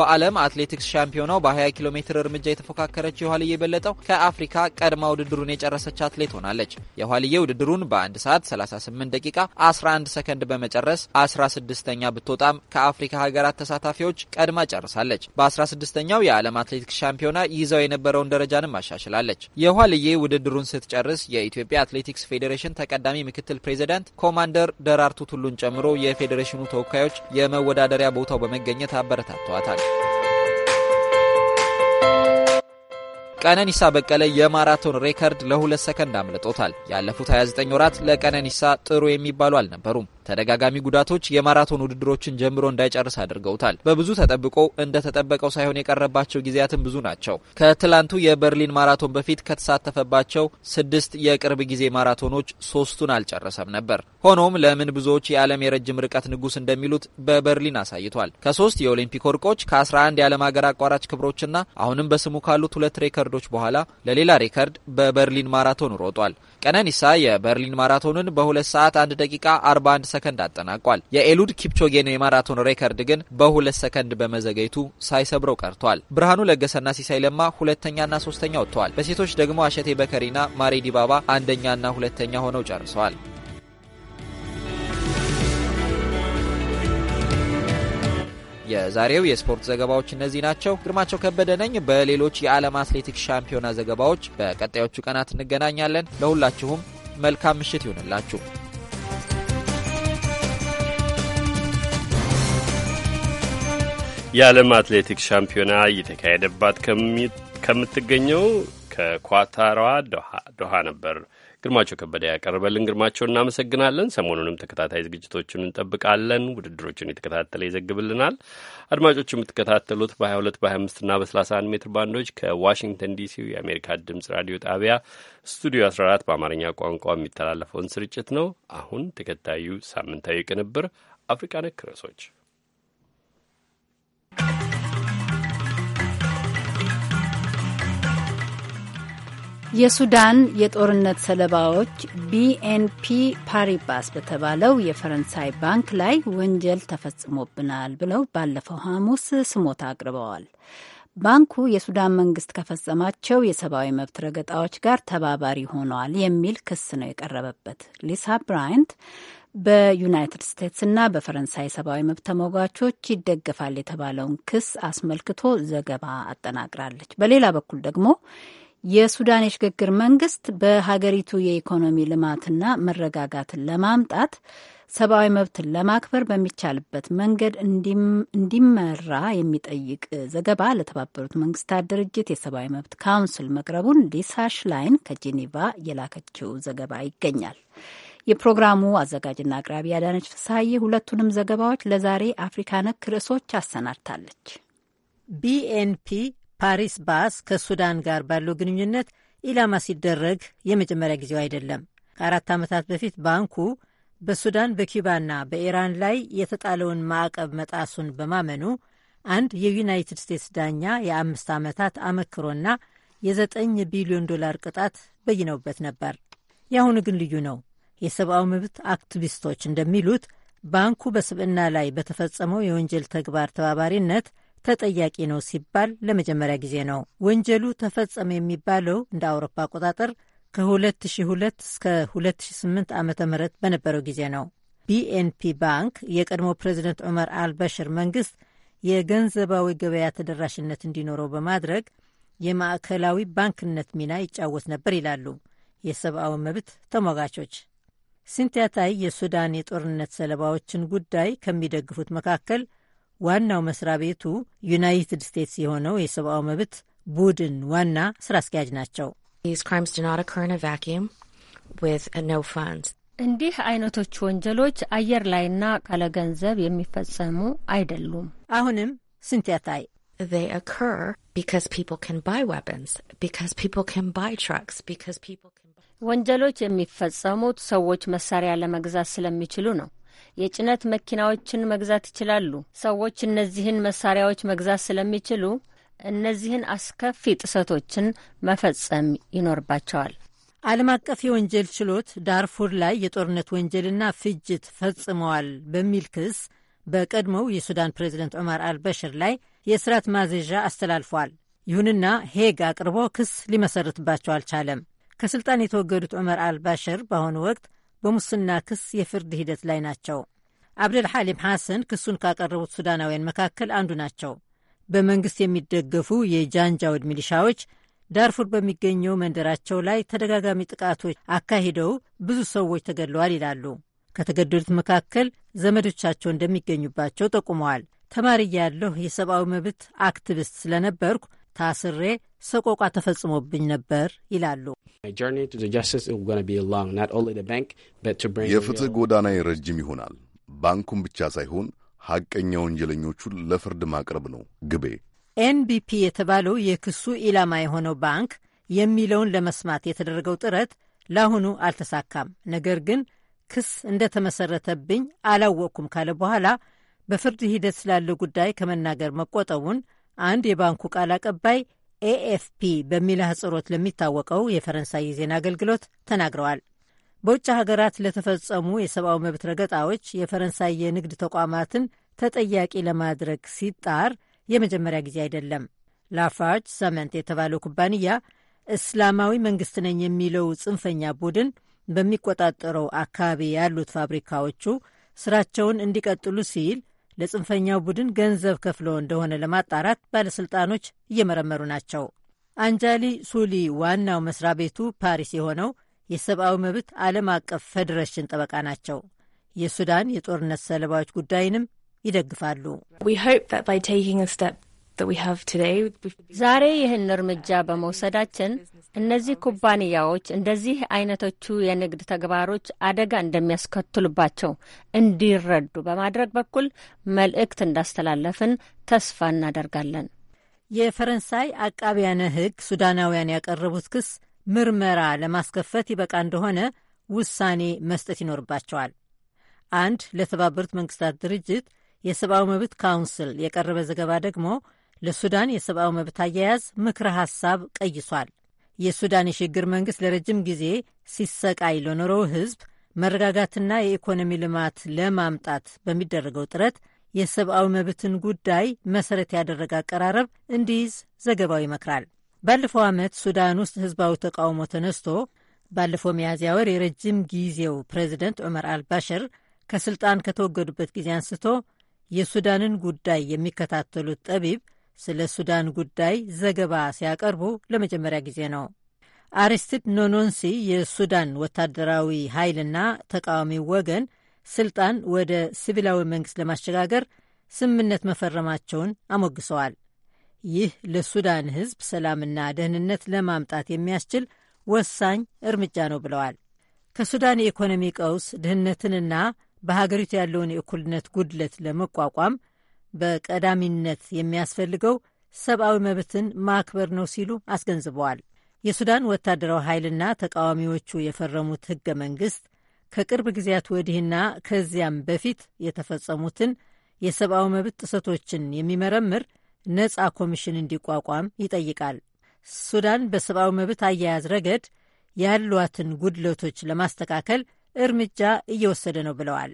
በዓለም አትሌቲክስ ሻምፒዮናው በ20 ኪሎ ሜትር እርምጃ የተፎካከረች የኋልዬ በለጠው ከአፍሪካ ቀድማ ውድድሩን የጨረሰች አትሌት ሆናለች። የኋልዬ ውድድሩን በ1 ሰዓት 38 ደቂቃ 11 ሰከንድ በመጨረስ 16ኛ ብትወጣም ከአፍሪካ ሀገራት ተሳታፊዎች ቀድማ ጨርሳለች። በ16ኛው የዓለም አትሌቲክስ ሻምፒዮና ይዘው የነበረውን ደረጃንም አሻሽላለች። የኋልዬ ውድድሩን ስትጨርስ የኢትዮጵያ አትሌቲክስ ፌዴሬሽን ተቀዳሚ ምክትል ፕሬዚዳንት ኮማንደር ደራርቱ ቱሉን ጨምሮ የፌዴሬሽኑ ተወካዮች የመወዳደሪያ ቦታው በመገኘት አበረታተዋታል። ቀነኒሳ በቀለ የማራቶን ሬከርድ ለሁለት ሰከንድ አምልጦታል። ያለፉት 29 ወራት ለቀነኒሳ ጥሩ የሚባሉ አልነበሩም። ተደጋጋሚ ጉዳቶች የማራቶን ውድድሮችን ጀምሮ እንዳይጨርስ አድርገውታል። በብዙ ተጠብቆ እንደተጠበቀው ሳይሆን የቀረባቸው ጊዜያትም ብዙ ናቸው። ከትላንቱ የበርሊን ማራቶን በፊት ከተሳተፈባቸው ስድስት የቅርብ ጊዜ ማራቶኖች ሶስቱን አልጨረሰም ነበር። ሆኖም ለምን ብዙዎች የዓለም የረጅም ርቀት ንጉስ እንደሚሉት በበርሊን አሳይቷል። ከሶስት የኦሊምፒክ ወርቆች ከ11 የዓለም ሀገር አቋራጭ ክብሮችና አሁንም በስሙ ካሉት ሁለት ሬከርዶች በኋላ ለሌላ ሬከርድ በበርሊን ማራቶን ሮጧል። ቀነኒሳ የበርሊን ማራቶንን በ2 ሰዓት 1 ደቂቃ 41 ሰከንድ አጠናቋል። የኤሉድ ኪፕቾጌን የማራቶን ሬከርድ ግን በ2 ሰከንድ በመዘገይቱ ሳይሰብረው ቀርቷል። ብርሃኑ ለገሰና ሲሳይ ለማ ሁለተኛና ሶስተኛ ወጥተዋል። በሴቶች ደግሞ አሸቴ በከሪና ማሬ ዲባባ አንደኛና ሁለተኛ ሆነው ጨርሰዋል። የዛሬው የስፖርት ዘገባዎች እነዚህ ናቸው። ግርማቸው ከበደ ነኝ። በሌሎች የዓለም አትሌቲክስ ሻምፒዮና ዘገባዎች በቀጣዮቹ ቀናት እንገናኛለን። ለሁላችሁም መልካም ምሽት ይሆንላችሁ። የዓለም አትሌቲክስ ሻምፒዮና እየተካሄደባት ከምትገኘው ከኳታሯ ዶሃ ነበር። ግርማቸው ከበደ ያቀርበልን። ግርማቸው እናመሰግናለን። ሰሞኑንም ተከታታይ ዝግጅቶችን እንጠብቃለን። ውድድሮችን የተከታተለ ይዘግብልናል። አድማጮች የምትከታተሉት በ22 በ25ና በ31 ሜትር ባንዶች ከዋሽንግተን ዲሲ የአሜሪካ ድምፅ ራዲዮ ጣቢያ ስቱዲዮ 14 በአማርኛ ቋንቋ የሚተላለፈውን ስርጭት ነው። አሁን ተከታዩ ሳምንታዊ ቅንብር አፍሪካ ነክ ርዕሶች የሱዳን የጦርነት ሰለባዎች ቢኤንፒ ፓሪባስ በተባለው የፈረንሳይ ባንክ ላይ ወንጀል ተፈጽሞብናል ብለው ባለፈው ሐሙስ ስሞታ አቅርበዋል። ባንኩ የሱዳን መንግስት ከፈጸማቸው የሰብአዊ መብት ረገጣዎች ጋር ተባባሪ ሆኗል የሚል ክስ ነው የቀረበበት። ሊሳ ብራያንት በዩናይትድ እና በፈረንሳይ ሰብአዊ መብት ተሟጋቾች ይደገፋል የተባለውን ክስ አስመልክቶ ዘገባ አጠናቅራለች። በሌላ በኩል ደግሞ የሱዳን የሽግግር መንግስት በሀገሪቱ የኢኮኖሚ ልማትና መረጋጋትን ለማምጣት ሰብአዊ መብትን ለማክበር በሚቻልበት መንገድ እንዲመራ የሚጠይቅ ዘገባ ለተባበሩት መንግስታት ድርጅት የሰብአዊ መብት ካውንስል መቅረቡን ሊሳ ሽላይን ከጄኔቫ የላከችው ዘገባ ይገኛል። የፕሮግራሙ አዘጋጅና አቅራቢ አዳነች ፍስሀዬ ሁለቱንም ዘገባዎች ለዛሬ አፍሪካ ነክ ርዕሶች አሰናድታለች። ቢኤንፒ ፓሪስ ባስ ከሱዳን ጋር ባለው ግንኙነት ኢላማ ሲደረግ የመጀመሪያ ጊዜው አይደለም። ከአራት ዓመታት በፊት ባንኩ በሱዳን በኪባና በኢራን ላይ የተጣለውን ማዕቀብ መጣሱን በማመኑ አንድ የዩናይትድ ስቴትስ ዳኛ የአምስት ዓመታት አመክሮና የዘጠኝ ቢሊዮን ዶላር ቅጣት በይነውበት ነበር። የአሁኑ ግን ልዩ ነው። የሰብአዊ መብት አክቲቪስቶች እንደሚሉት ባንኩ በስብዕና ላይ በተፈጸመው የወንጀል ተግባር ተባባሪነት ተጠያቂ ነው ሲባል ለመጀመሪያ ጊዜ ነው። ወንጀሉ ተፈጸመ የሚባለው እንደ አውሮፓ አቆጣጠር ከ2002 እስከ 2008 ዓ ም በነበረው ጊዜ ነው። ቢኤንፒ ባንክ የቀድሞ ፕሬዚደንት ዑመር አልበሽር መንግስት የገንዘባዊ ገበያ ተደራሽነት እንዲኖረው በማድረግ የማዕከላዊ ባንክነት ሚና ይጫወት ነበር ይላሉ የሰብአዊ መብት ተሟጋቾች። ሲንቲያታይ የሱዳን የጦርነት ሰለባዎችን ጉዳይ ከሚደግፉት መካከል ዋናው መስሪያ ቤቱ ዩናይትድ ስቴትስ የሆነው የሰብአዊ መብት ቡድን ዋና ስራ አስኪያጅ ናቸው። እንዲህ አይነቶች ወንጀሎች አየር ላይና ካለ ገንዘብ የሚፈጸሙ አይደሉም። አሁንም ስንትያታይ ወንጀሎች የሚፈጸሙት ሰዎች መሳሪያ ለመግዛት ስለሚችሉ ነው። የጭነት መኪናዎችን መግዛት ይችላሉ። ሰዎች እነዚህን መሳሪያዎች መግዛት ስለሚችሉ እነዚህን አስከፊ ጥሰቶችን መፈጸም ይኖርባቸዋል። ዓለም አቀፍ የወንጀል ችሎት ዳርፉር ላይ የጦርነት ወንጀልና ፍጅት ፈጽመዋል በሚል ክስ በቀድሞው የሱዳን ፕሬዚደንት ዑመር አልበሽር ላይ የእስራት ማዘዣ አስተላልፏል። ይሁንና ሄግ አቅርቦ ክስ ሊመሰርትባቸው አልቻለም። ከስልጣን የተወገዱት ዑመር አልባሽር በአሁኑ ወቅት በሙስና ክስ የፍርድ ሂደት ላይ ናቸው። አብደል ሐሊም ሐሰን ክሱን ካቀረቡት ሱዳናውያን መካከል አንዱ ናቸው። በመንግስት የሚደገፉ የጃንጃውድ ሚሊሻዎች ዳርፉር በሚገኘው መንደራቸው ላይ ተደጋጋሚ ጥቃቶች አካሂደው ብዙ ሰዎች ተገድለዋል ይላሉ። ከተገደሉት መካከል ዘመዶቻቸው እንደሚገኙባቸው ጠቁመዋል። ተማሪ ያለሁ የሰብአዊ መብት አክቲቪስት ስለነበርኩ ታስሬ ሰቆቋ ተፈጽሞብኝ ነበር ይላሉ። የፍትህ ጎዳና ረጅም ይሆናል። ባንኩን ብቻ ሳይሆን ሐቀኛ ወንጀለኞቹን ለፍርድ ማቅረብ ነው ግቤ። ኤንቢፒ የተባለው የክሱ ኢላማ የሆነው ባንክ የሚለውን ለመስማት የተደረገው ጥረት ለአሁኑ አልተሳካም። ነገር ግን ክስ እንደተመሰረተብኝ አላወቅኩም ካለ በኋላ በፍርድ ሂደት ስላለ ጉዳይ ከመናገር መቆጠቡን አንድ የባንኩ ቃል አቀባይ ኤኤፍፒ በሚል አህጽሮት ለሚታወቀው የፈረንሳይ የዜና አገልግሎት ተናግረዋል። በውጭ ሀገራት ለተፈጸሙ የሰብአዊ መብት ረገጣዎች የፈረንሳይ የንግድ ተቋማትን ተጠያቂ ለማድረግ ሲጣር የመጀመሪያ ጊዜ አይደለም። ላፋርጅ ሰመንት የተባለው ኩባንያ እስላማዊ መንግስት ነኝ የሚለው ጽንፈኛ ቡድን በሚቆጣጠረው አካባቢ ያሉት ፋብሪካዎቹ ስራቸውን እንዲቀጥሉ ሲል ለጽንፈኛው ቡድን ገንዘብ ከፍሎ እንደሆነ ለማጣራት ባለሥልጣኖች እየመረመሩ ናቸው። አንጃሊ ሱሊ ዋናው መስሪያ ቤቱ ፓሪስ የሆነው የሰብአዊ መብት ዓለም አቀፍ ፌዴሬሽን ጠበቃ ናቸው። የሱዳን የጦርነት ሰለባዎች ጉዳይንም ይደግፋሉ። ዛሬ ይህን እርምጃ በመውሰዳችን እነዚህ ኩባንያዎች እንደዚህ አይነቶቹ የንግድ ተግባሮች አደጋ እንደሚያስከትሉባቸው እንዲረዱ በማድረግ በኩል መልእክት እንዳስተላለፍን ተስፋ እናደርጋለን። የፈረንሳይ አቃቢያነ ሕግ ሱዳናውያን ያቀረቡት ክስ ምርመራ ለማስከፈት ይበቃ እንደሆነ ውሳኔ መስጠት ይኖርባቸዋል። አንድ ለተባበሩት መንግስታት ድርጅት የሰብአዊ መብት ካውንስል የቀረበ ዘገባ ደግሞ ለሱዳን የሰብአዊ መብት አያያዝ ምክረ ሐሳብ ቀይሷል። የሱዳን የሽግግር መንግሥት ለረጅም ጊዜ ሲሰቃይ ለኖረው ሕዝብ መረጋጋትና የኢኮኖሚ ልማት ለማምጣት በሚደረገው ጥረት የሰብአዊ መብትን ጉዳይ መሰረት ያደረገ አቀራረብ እንዲይዝ ዘገባው ይመክራል። ባለፈው ዓመት ሱዳን ውስጥ ሕዝባዊ ተቃውሞ ተነስቶ ባለፈው ሚያዝያ ወር የረጅም ጊዜው ፕሬዚደንት ዑመር አልባሽር ከስልጣን ከተወገዱበት ጊዜ አንስቶ የሱዳንን ጉዳይ የሚከታተሉት ጠቢብ ስለ ሱዳን ጉዳይ ዘገባ ሲያቀርቡ ለመጀመሪያ ጊዜ ነው። አሪስቲድ ኖኖንሲ የሱዳን ወታደራዊ ኃይልና ተቃዋሚ ወገን ስልጣን ወደ ሲቪላዊ መንግሥት ለማሸጋገር ስምምነት መፈረማቸውን አሞግሰዋል። ይህ ለሱዳን ሕዝብ ሰላምና ደህንነት ለማምጣት የሚያስችል ወሳኝ እርምጃ ነው ብለዋል። ከሱዳን የኢኮኖሚ ቀውስ ድህነትንና በሀገሪቱ ያለውን የእኩልነት ጉድለት ለመቋቋም በቀዳሚነት የሚያስፈልገው ሰብአዊ መብትን ማክበር ነው ሲሉ አስገንዝበዋል። የሱዳን ወታደራዊ ኃይልና ተቃዋሚዎቹ የፈረሙት ህገ መንግስት ከቅርብ ጊዜያት ወዲህና ከዚያም በፊት የተፈጸሙትን የሰብአዊ መብት ጥሰቶችን የሚመረምር ነጻ ኮሚሽን እንዲቋቋም ይጠይቃል። ሱዳን በሰብአዊ መብት አያያዝ ረገድ ያሏትን ጉድለቶች ለማስተካከል እርምጃ እየወሰደ ነው ብለዋል።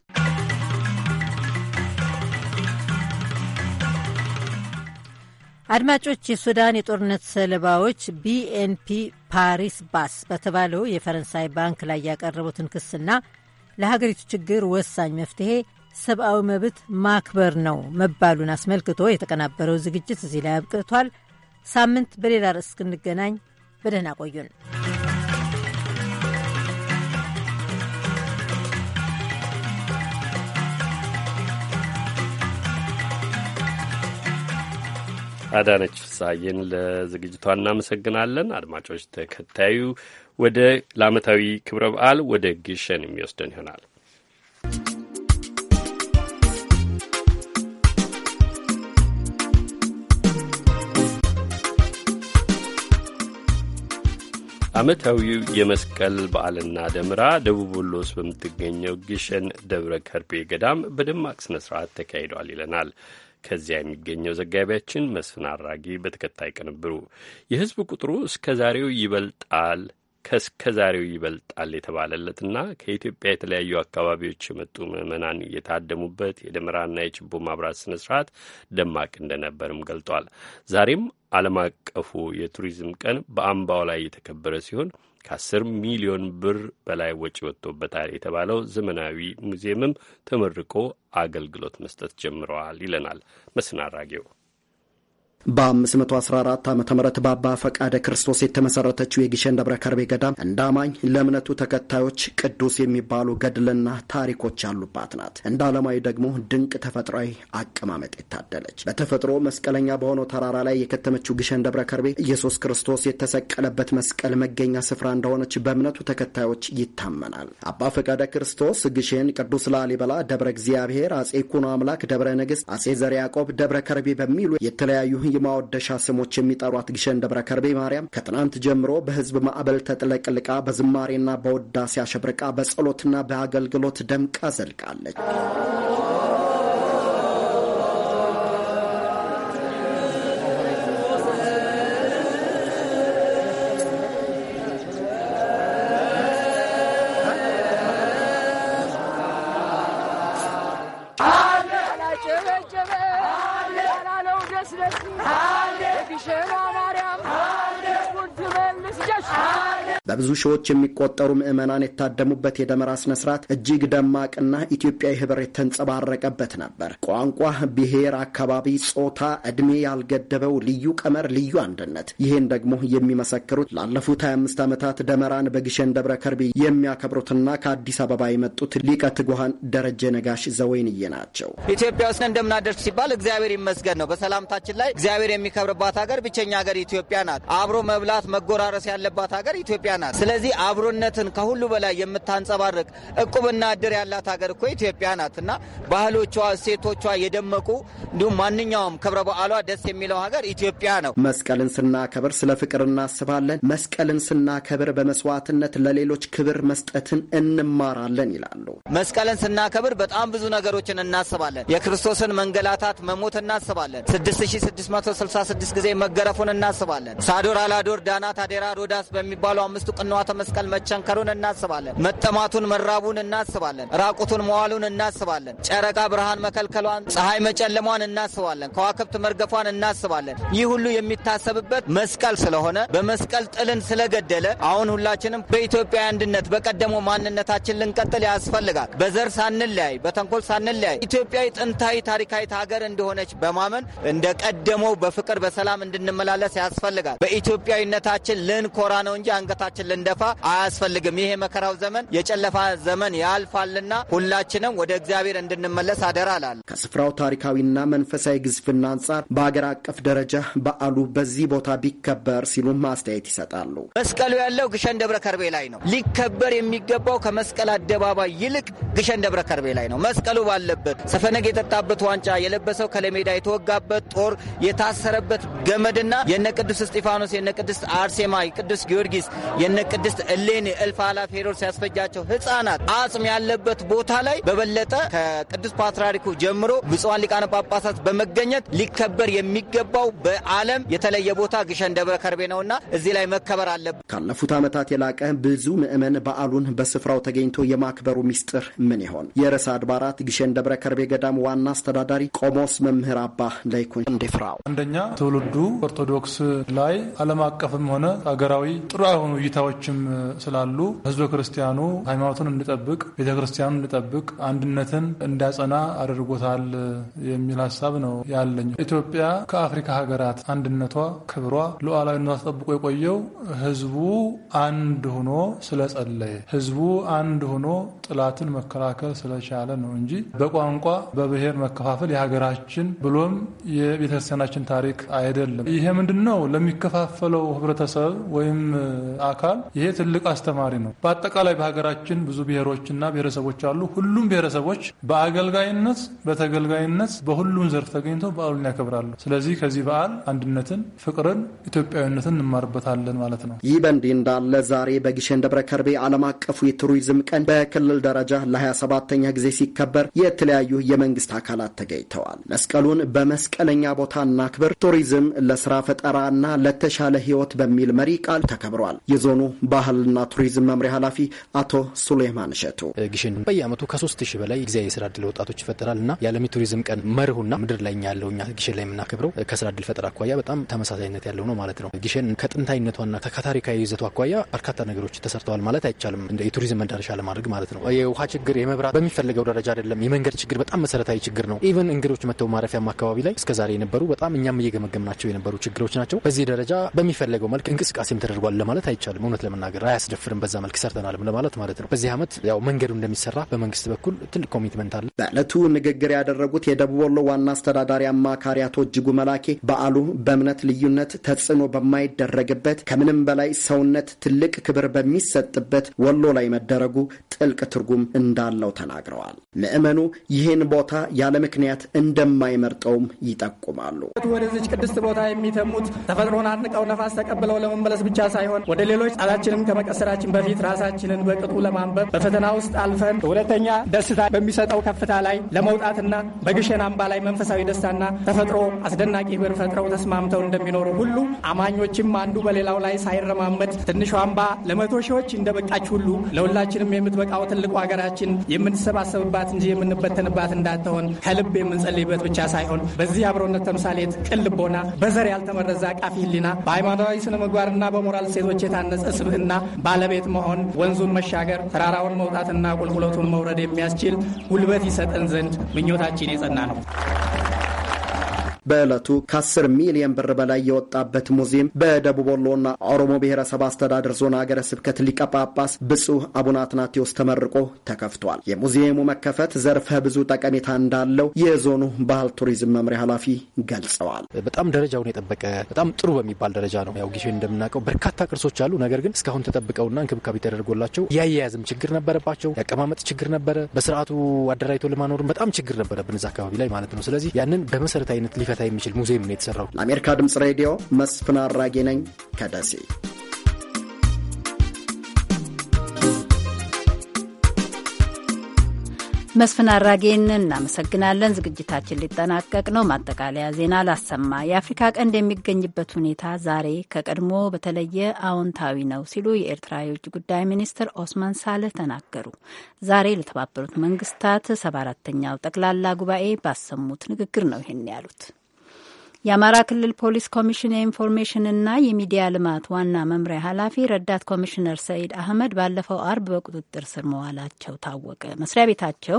አድማጮች፣ የሱዳን የጦርነት ሰለባዎች ቢኤንፒ ፓሪስ ባስ በተባለው የፈረንሳይ ባንክ ላይ ያቀረቡትን ክስና ለሀገሪቱ ችግር ወሳኝ መፍትሄ ሰብአዊ መብት ማክበር ነው መባሉን አስመልክቶ የተቀናበረው ዝግጅት እዚህ ላይ አብቅቷል። ሳምንት በሌላ ርዕስ እስክንገናኝ በደህና ቆዩን። አዳነች ፍስሐዬን ለዝግጅቷ እናመሰግናለን። አድማጮች፣ ተከታዩ ወደ ለአመታዊ ክብረ በዓል ወደ ግሸን የሚወስደን ይሆናል። ዓመታዊው የመስቀል በዓልና ደምራ ደቡብ ወሎ ውስጥ በምትገኘው ግሸን ደብረ ከርቤ ገዳም በደማቅ ስነ ስርዓት ተካሂዷል ይለናል ከዚያ የሚገኘው ዘጋቢያችን መስፍን አራጊ በተከታይ ቅንብሩ የህዝብ ቁጥሩ እስከ ዛሬው ይበልጣል ከእስከ ዛሬው ይበልጣል የተባለለትና ከኢትዮጵያ የተለያዩ አካባቢዎች የመጡ ምዕመናን የታደሙበት የደመራና የችቦ ማብራት ስነ ስርዓት ደማቅ እንደነበርም ገልጧል። ዛሬም ዓለም አቀፉ የቱሪዝም ቀን በአምባው ላይ የተከበረ ሲሆን ከአስር ሚሊዮን ብር በላይ ወጪ ወጥቶበታል የተባለው ዘመናዊ ሙዚየምም ተመርቆ አገልግሎት መስጠት ጀምረዋል ይለናል መስናራጌው። በ514 ዓ ም በአባ ፈቃደ ክርስቶስ የተመሰረተችው የግሸን ደብረ ከርቤ ገዳም እንደ አማኝ ለእምነቱ ተከታዮች ቅዱስ የሚባሉ ገድልና ታሪኮች ያሉባት ናት። እንደ አለማዊ ደግሞ ድንቅ ተፈጥሯዊ አቀማመጥ የታደለች በተፈጥሮ መስቀለኛ በሆነው ተራራ ላይ የከተመችው ግሸን ደብረ ከርቤ ኢየሱስ ክርስቶስ የተሰቀለበት መስቀል መገኛ ስፍራ እንደሆነች በእምነቱ ተከታዮች ይታመናል። አባ ፈቃደ ክርስቶስ ግሼን ቅዱስ ላሊበላ ደብረ እግዚአብሔር፣ አጼ ኩኖ አምላክ ደብረ ንግሥት፣ አጼ ዘር ያዕቆብ ደብረ ከርቤ በሚሉ የተለያዩ የማወደሻ ስሞች የሚጠሯት ግሸን ደብረ ከርቤ ማርያም ከትናንት ጀምሮ በህዝብ ማዕበል ተጥለቅልቃ በዝማሬና በወዳሴ አሸብርቃ በጸሎትና በአገልግሎት ደምቃ ዘልቃለች። በብዙ ሺዎች የሚቆጠሩ ምዕመናን የታደሙበት የደመራ ስነስርዓት እጅግ ደማቅና ኢትዮጵያዊ ህብር የተንጸባረቀበት ነበር። ቋንቋ፣ ብሔር፣ አካባቢ፣ ጾታ፣ እድሜ ያልገደበው ልዩ ቀመር፣ ልዩ አንድነት። ይህን ደግሞ የሚመሰክሩት ላለፉት 25 ዓመታት ደመራን በግሸን ደብረ ከርቤ የሚያከብሩትና ከአዲስ አበባ የመጡት ሊቀ ትጉሃን ደረጀ ነጋሽ ዘወይንዬ ናቸው። ኢትዮጵያ ውስጥ እንደምናደርስ ሲባል እግዚአብሔር ይመስገን ነው። በሰላምታችን ላይ እግዚአብሔር የሚከብርባት ሀገር ብቸኛ ሀገር ኢትዮጵያ ናት። አብሮ መብላት መጎራረስ ያለባት ሀገር ኢትዮጵያ ናት። ናት። ስለዚህ አብሮነትን ከሁሉ በላይ የምታንጸባርቅ እቁብና እድር ያላት ሀገር እኮ ኢትዮጵያ ናት እና ባህሎቿ፣ እሴቶቿ የደመቁ እንዲሁም ማንኛውም ክብረ በዓሏ ደስ የሚለው ሀገር ኢትዮጵያ ነው። መስቀልን ስናከብር ስለ ፍቅር እናስባለን። መስቀልን ስናከብር በመስዋዕትነት ለሌሎች ክብር መስጠትን እንማራለን ይላሉ። መስቀልን ስናከብር በጣም ብዙ ነገሮችን እናስባለን። የክርስቶስን መንገላታት መሞት እናስባለን። 6666 ጊዜ መገረፉን እናስባለን። ሳዶር አላዶር፣ ዳናት፣ አዴራ፣ ሮዳስ በሚባሉ አምስት ቅንዋተ መስቀል መቸንከሩን እናስባለን። መጠማቱን መራቡን እናስባለን። ራቁቱን መዋሉን እናስባለን። ጨረቃ ብርሃን መከልከሏን፣ ፀሐይ መጨለሟን እናስባለን። ከዋክብት መርገፏን እናስባለን። ይህ ሁሉ የሚታሰብበት መስቀል ስለሆነ በመስቀል ጥልን ስለገደለ አሁን ሁላችንም በኢትዮጵያ አንድነት በቀደሞ ማንነታችን ልንቀጥል ያስፈልጋል። በዘር ሳንለያይ፣ በተንኮል ሳንለያይ ኢትዮጵያዊ ጥንታዊ ታሪካዊት ሀገር እንደሆነች በማመን እንደ ቀደመው በፍቅር በሰላም እንድንመላለስ ያስፈልጋል። በኢትዮጵያዊነታችን ልንኮራ ነው እንጂ አንገታችን ራሳችን ልንደፋ አያስፈልግም። ይሄ መከራው ዘመን የጨለፋ ዘመን ያልፋልና ሁላችንም ወደ እግዚአብሔር እንድንመለስ አደራ ላለ ከስፍራው ታሪካዊና መንፈሳዊ ግዝፍና አንጻር በአገር አቀፍ ደረጃ በዓሉ በዚህ ቦታ ቢከበር ሲሉም አስተያየት ይሰጣሉ። መስቀሉ ያለው ግሸን ደብረ ከርቤ ላይ ነው። ሊከበር የሚገባው ከመስቀል አደባባይ ይልቅ ግሸን ደብረ ከርቤ ላይ ነው። መስቀሉ ባለበት ሰፈነግ የጠጣበት ዋንጫ የለበሰው ከለሜዳ የተወጋበት ጦር የታሰረበት ገመድና የነ ቅዱስ እስጢፋኖስ የነ ቅዱስ አርሴማ ቅዱስ ጊዮርጊስ የነ ቅድስት እሌኒ እልፍ ኃላፊ ሄሮድስ ያስፈጃቸው ህጻናት አጽም ያለበት ቦታ ላይ በበለጠ ከቅዱስ ፓትርያርኩ ጀምሮ ብፁዓን ሊቃነ ጳጳሳት በመገኘት ሊከበር የሚገባው በዓለም የተለየ ቦታ ግሸን ደብረ ከርቤ ነውና እዚህ ላይ መከበር አለበት። ካለፉት ዓመታት የላቀ ብዙ ምዕመን በዓሉን በስፍራው ተገኝቶ የማክበሩ ሚስጥር ምን ይሆን? የርዕሰ አድባራት ግሸን ደብረ ከርቤ ገዳም ዋና አስተዳዳሪ ቆሞስ መምህር አባ ላይኩን እንዲፍራው አንደኛ ትውልዱ ኦርቶዶክስ ላይ ዓለም አቀፍም ሆነ ሀገራዊ ጥሩ አይሆኑ ሁኔታዎችም ስላሉ ህዝበ ክርስቲያኑ ሃይማኖቱን እንዲጠብቅ፣ ቤተ ክርስቲያኑን እንዲጠብቅ፣ አንድነትን እንዳጸና አድርጎታል የሚል ሀሳብ ነው ያለኝ። ኢትዮጵያ ከአፍሪካ ሀገራት አንድነቷ፣ ክብሯ፣ ሉዓላዊነቷ ተጠብቆ የቆየው ህዝቡ አንድ ሆኖ ስለጸለየ፣ ህዝቡ አንድ ሆኖ ጥላትን መከላከል ስለቻለ ነው እንጂ በቋንቋ በብሔር መከፋፈል የሀገራችን ብሎም የቤተክርስቲያናችን ታሪክ አይደለም። ይሄ ምንድን ነው ለሚከፋፈለው ህብረተሰብ ወይም አካል አካል ይሄ ትልቅ አስተማሪ ነው። በአጠቃላይ በሀገራችን ብዙ ብሔሮችና ብሔረሰቦች አሉ። ሁሉም ብሔረሰቦች በአገልጋይነት፣ በተገልጋይነት በሁሉም ዘርፍ ተገኝተው በዓሉን ያከብራሉ። ስለዚህ ከዚህ በዓል አንድነትን፣ ፍቅርን፣ ኢትዮጵያዊነትን እንማርበታለን ማለት ነው። ይህ በእንዲህ እንዳለ ዛሬ በግሸን ደብረ ከርቤ ዓለም አቀፉ የቱሪዝም ቀን በክልል ደረጃ ለ27ተኛ ጊዜ ሲከበር የተለያዩ የመንግስት አካላት ተገኝተዋል። መስቀሉን በመስቀለኛ ቦታ እናክብር፣ ቱሪዝም ለስራ ፈጠራና ለተሻለ ህይወት በሚል መሪ ቃል ተከብሯል። የዞ የዞኑ ባህልና ቱሪዝም መምሪያ ኃላፊ አቶ ሱሌማን ሸቱ ግሽን በየአመቱ ከሶስት ሺህ በላይ ጊዜ የስራ እድል ወጣቶች ይፈጠራል እና የዓለም ቱሪዝም ቀን መርሁና ምድር ላይ ያለው እኛ ግሽን ላይ የምናከብረው ከስራ እድል ፈጠራ አኳያ በጣም ተመሳሳይነት ያለው ነው ማለት ነው። ግሽን ከጥንታዊነቷና ከታሪካዊ ይዘቱ አኳያ በርካታ ነገሮች ተሰርተዋል ማለት አይቻልም። እንደ የቱሪዝም መዳረሻ ለማድረግ ማለት ነው። የውሃ ችግር፣ የመብራት በሚፈለገው ደረጃ አይደለም። የመንገድ ችግር በጣም መሰረታዊ ችግር ነው። ኢቨን እንግዶች መጥተው ማረፊያም አካባቢ ላይ እስከዛሬ የነበሩ በጣም እኛም እየገመገምናቸው የነበሩ ችግሮች ናቸው። በዚህ ደረጃ በሚፈለገው መልክ እንቅስቃሴም ተደርጓል ለማለት አይቻልም። እውነት ለመናገር አያስደፍርም። በዛ መልክ ሰርተናል ለማለት ማለት ነው። በዚህ ዓመት ያው መንገዱ እንደሚሰራ በመንግስት በኩል ትልቅ ኮሚትመንት አለ። በዕለቱ ንግግር ያደረጉት የደቡብ ወሎ ዋና አስተዳዳሪ አማካሪ አቶ እጅጉ መላኬ በዓሉ በእምነት ልዩነት ተጽዕኖ በማይደረግበት ከምንም በላይ ሰውነት ትልቅ ክብር በሚሰጥበት ወሎ ላይ መደረጉ ጥልቅ ትርጉም እንዳለው ተናግረዋል። ምዕመኑ ይህን ቦታ ያለ ምክንያት እንደማይመርጠውም ይጠቁማሉ። ወደዚች ቅድስት ቦታ የሚተሙት ተፈጥሮን አድንቀው ነፋስ ተቀብለው ለመመለስ ብቻ ሳይሆን ወደ ሌሎች ቃላችንም ከመቀሰራችን በፊት ራሳችንን በቅጡ ለማንበብ በፈተና ውስጥ አልፈን ሁለተኛ ደስታ በሚሰጠው ከፍታ ላይ ለመውጣትና በግሸን አምባ ላይ መንፈሳዊ ደስታና ተፈጥሮ አስደናቂ ህብር ፈጥረው ተስማምተው እንደሚኖሩ ሁሉ አማኞችም አንዱ በሌላው ላይ ሳይረማመድ ትንሿ አምባ ለመቶ ሺዎች እንደበቃች ሁሉ ለሁላችንም የምትበቃው ትልቁ ሀገራችን የምንሰባሰብባት እንጂ የምንበተንባት እንዳትሆን ከልብ የምንጸልይበት ብቻ ሳይሆን በዚህ አብሮነት ተምሳሌት ቅን ልቦና፣ በዘር ያልተመረዘ አቃፊ ህሊና፣ በሃይማኖታዊ ስነ ምግባርና በሞራል ሴቶች የታነጸ ስብዕና ባለቤት መሆን ወንዙን መሻገር ተራራውን መውጣትና ቁልቁለቱን መውረድ የሚያስችል ጉልበት ይሰጠን ዘንድ ምኞታችን የጸና ነው። በዕለቱ ከ10 ሚሊዮን ብር በላይ የወጣበት ሙዚየም በደቡብ ወሎና ኦሮሞ ብሔረሰብ አስተዳደር ዞን አገረ ስብከት ሊቀ ጳጳስ ብፁዕ አቡነ አትናቴዎስ ተመርቆ ተከፍቷል። የሙዚየሙ መከፈት ዘርፈ ብዙ ጠቀሜታ እንዳለው የዞኑ ባህል ቱሪዝም መምሪያ ኃላፊ ገልጸዋል። በጣም ደረጃውን የጠበቀ በጣም ጥሩ በሚባል ደረጃ ነው። ያው ጊዜ እንደምናውቀው በርካታ ቅርሶች አሉ። ነገር ግን እስካሁን ተጠብቀውና እንክብካቤ ተደርጎላቸው የአያያዝም ችግር ነበረባቸው። የአቀማመጥ ችግር ነበረ። በስርዓቱ አደራጅቶ ለማኖርም በጣም ችግር ነበረብን እዛ አካባቢ ላይ ማለት ነው። ስለዚህ ያንን በመሰረታዊነት ሊፈ ሊፈታ የሚችል ሙዚየም ነው የተሰራው። ለአሜሪካ ድምጽ ሬዲዮ መስፍን አራጌ ነኝ ከደሴ። መስፍን አራጌን እናመሰግናለን። ዝግጅታችን ሊጠናቀቅ ነው። ማጠቃለያ ዜና ላሰማ። የአፍሪካ ቀንድ የሚገኝበት ሁኔታ ዛሬ ከቀድሞ በተለየ አዎንታዊ ነው ሲሉ የኤርትራ የውጭ ጉዳይ ሚኒስትር ኦስማን ሳልህ ተናገሩ። ዛሬ ለተባበሩት መንግስታት ሰባ አራተኛው ጠቅላላ ጉባኤ ባሰሙት ንግግር ነው ይህን ያሉት። የአማራ ክልል ፖሊስ ኮሚሽን የኢንፎርሜሽንና የሚዲያ ልማት ዋና መምሪያ ኃላፊ ረዳት ኮሚሽነር ሰኢድ አህመድ ባለፈው አርብ በቁጥጥር ስር መዋላቸው ታወቀ። መስሪያ ቤታቸው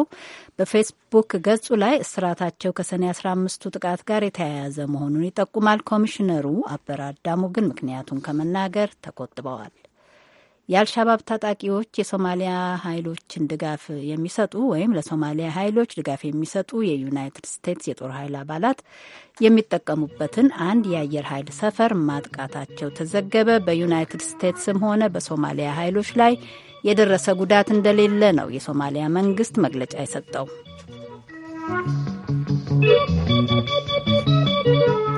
በፌስቡክ ገጹ ላይ እስራታቸው ከሰኔ 15 አምስቱ ጥቃት ጋር የተያያዘ መሆኑን ይጠቁማል። ኮሚሽነሩ አበራዳሙ ግን ምክንያቱን ከመናገር ተቆጥበዋል። የአልሻባብ ታጣቂዎች የሶማሊያ ኃይሎችን ድጋፍ የሚሰጡ ወይም ለሶማሊያ ኃይሎች ድጋፍ የሚሰጡ የዩናይትድ ስቴትስ የጦር ኃይል አባላት የሚጠቀሙበትን አንድ የአየር ኃይል ሰፈር ማጥቃታቸው ተዘገበ። በዩናይትድ ስቴትስም ሆነ በሶማሊያ ኃይሎች ላይ የደረሰ ጉዳት እንደሌለ ነው የሶማሊያ መንግስት መግለጫ የሰጠው።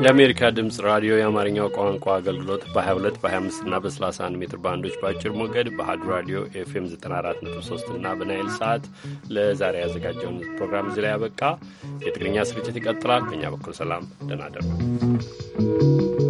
የአሜሪካ ድምፅ ራዲዮ የአማርኛው ቋንቋ አገልግሎት በ22 በ25 እና በ31 ሜትር ባንዶች በአጭር ሞገድ በአሀዱ ራዲዮ ኤፍኤም 943 እና በናይል ሰዓት ለዛሬ ያዘጋጀውን ፕሮግራም እዚህ ላይ ያበቃ። የትግርኛ ስርጭት ይቀጥላል። በእኛ በኩል ሰላም፣ ደህና እደሩ።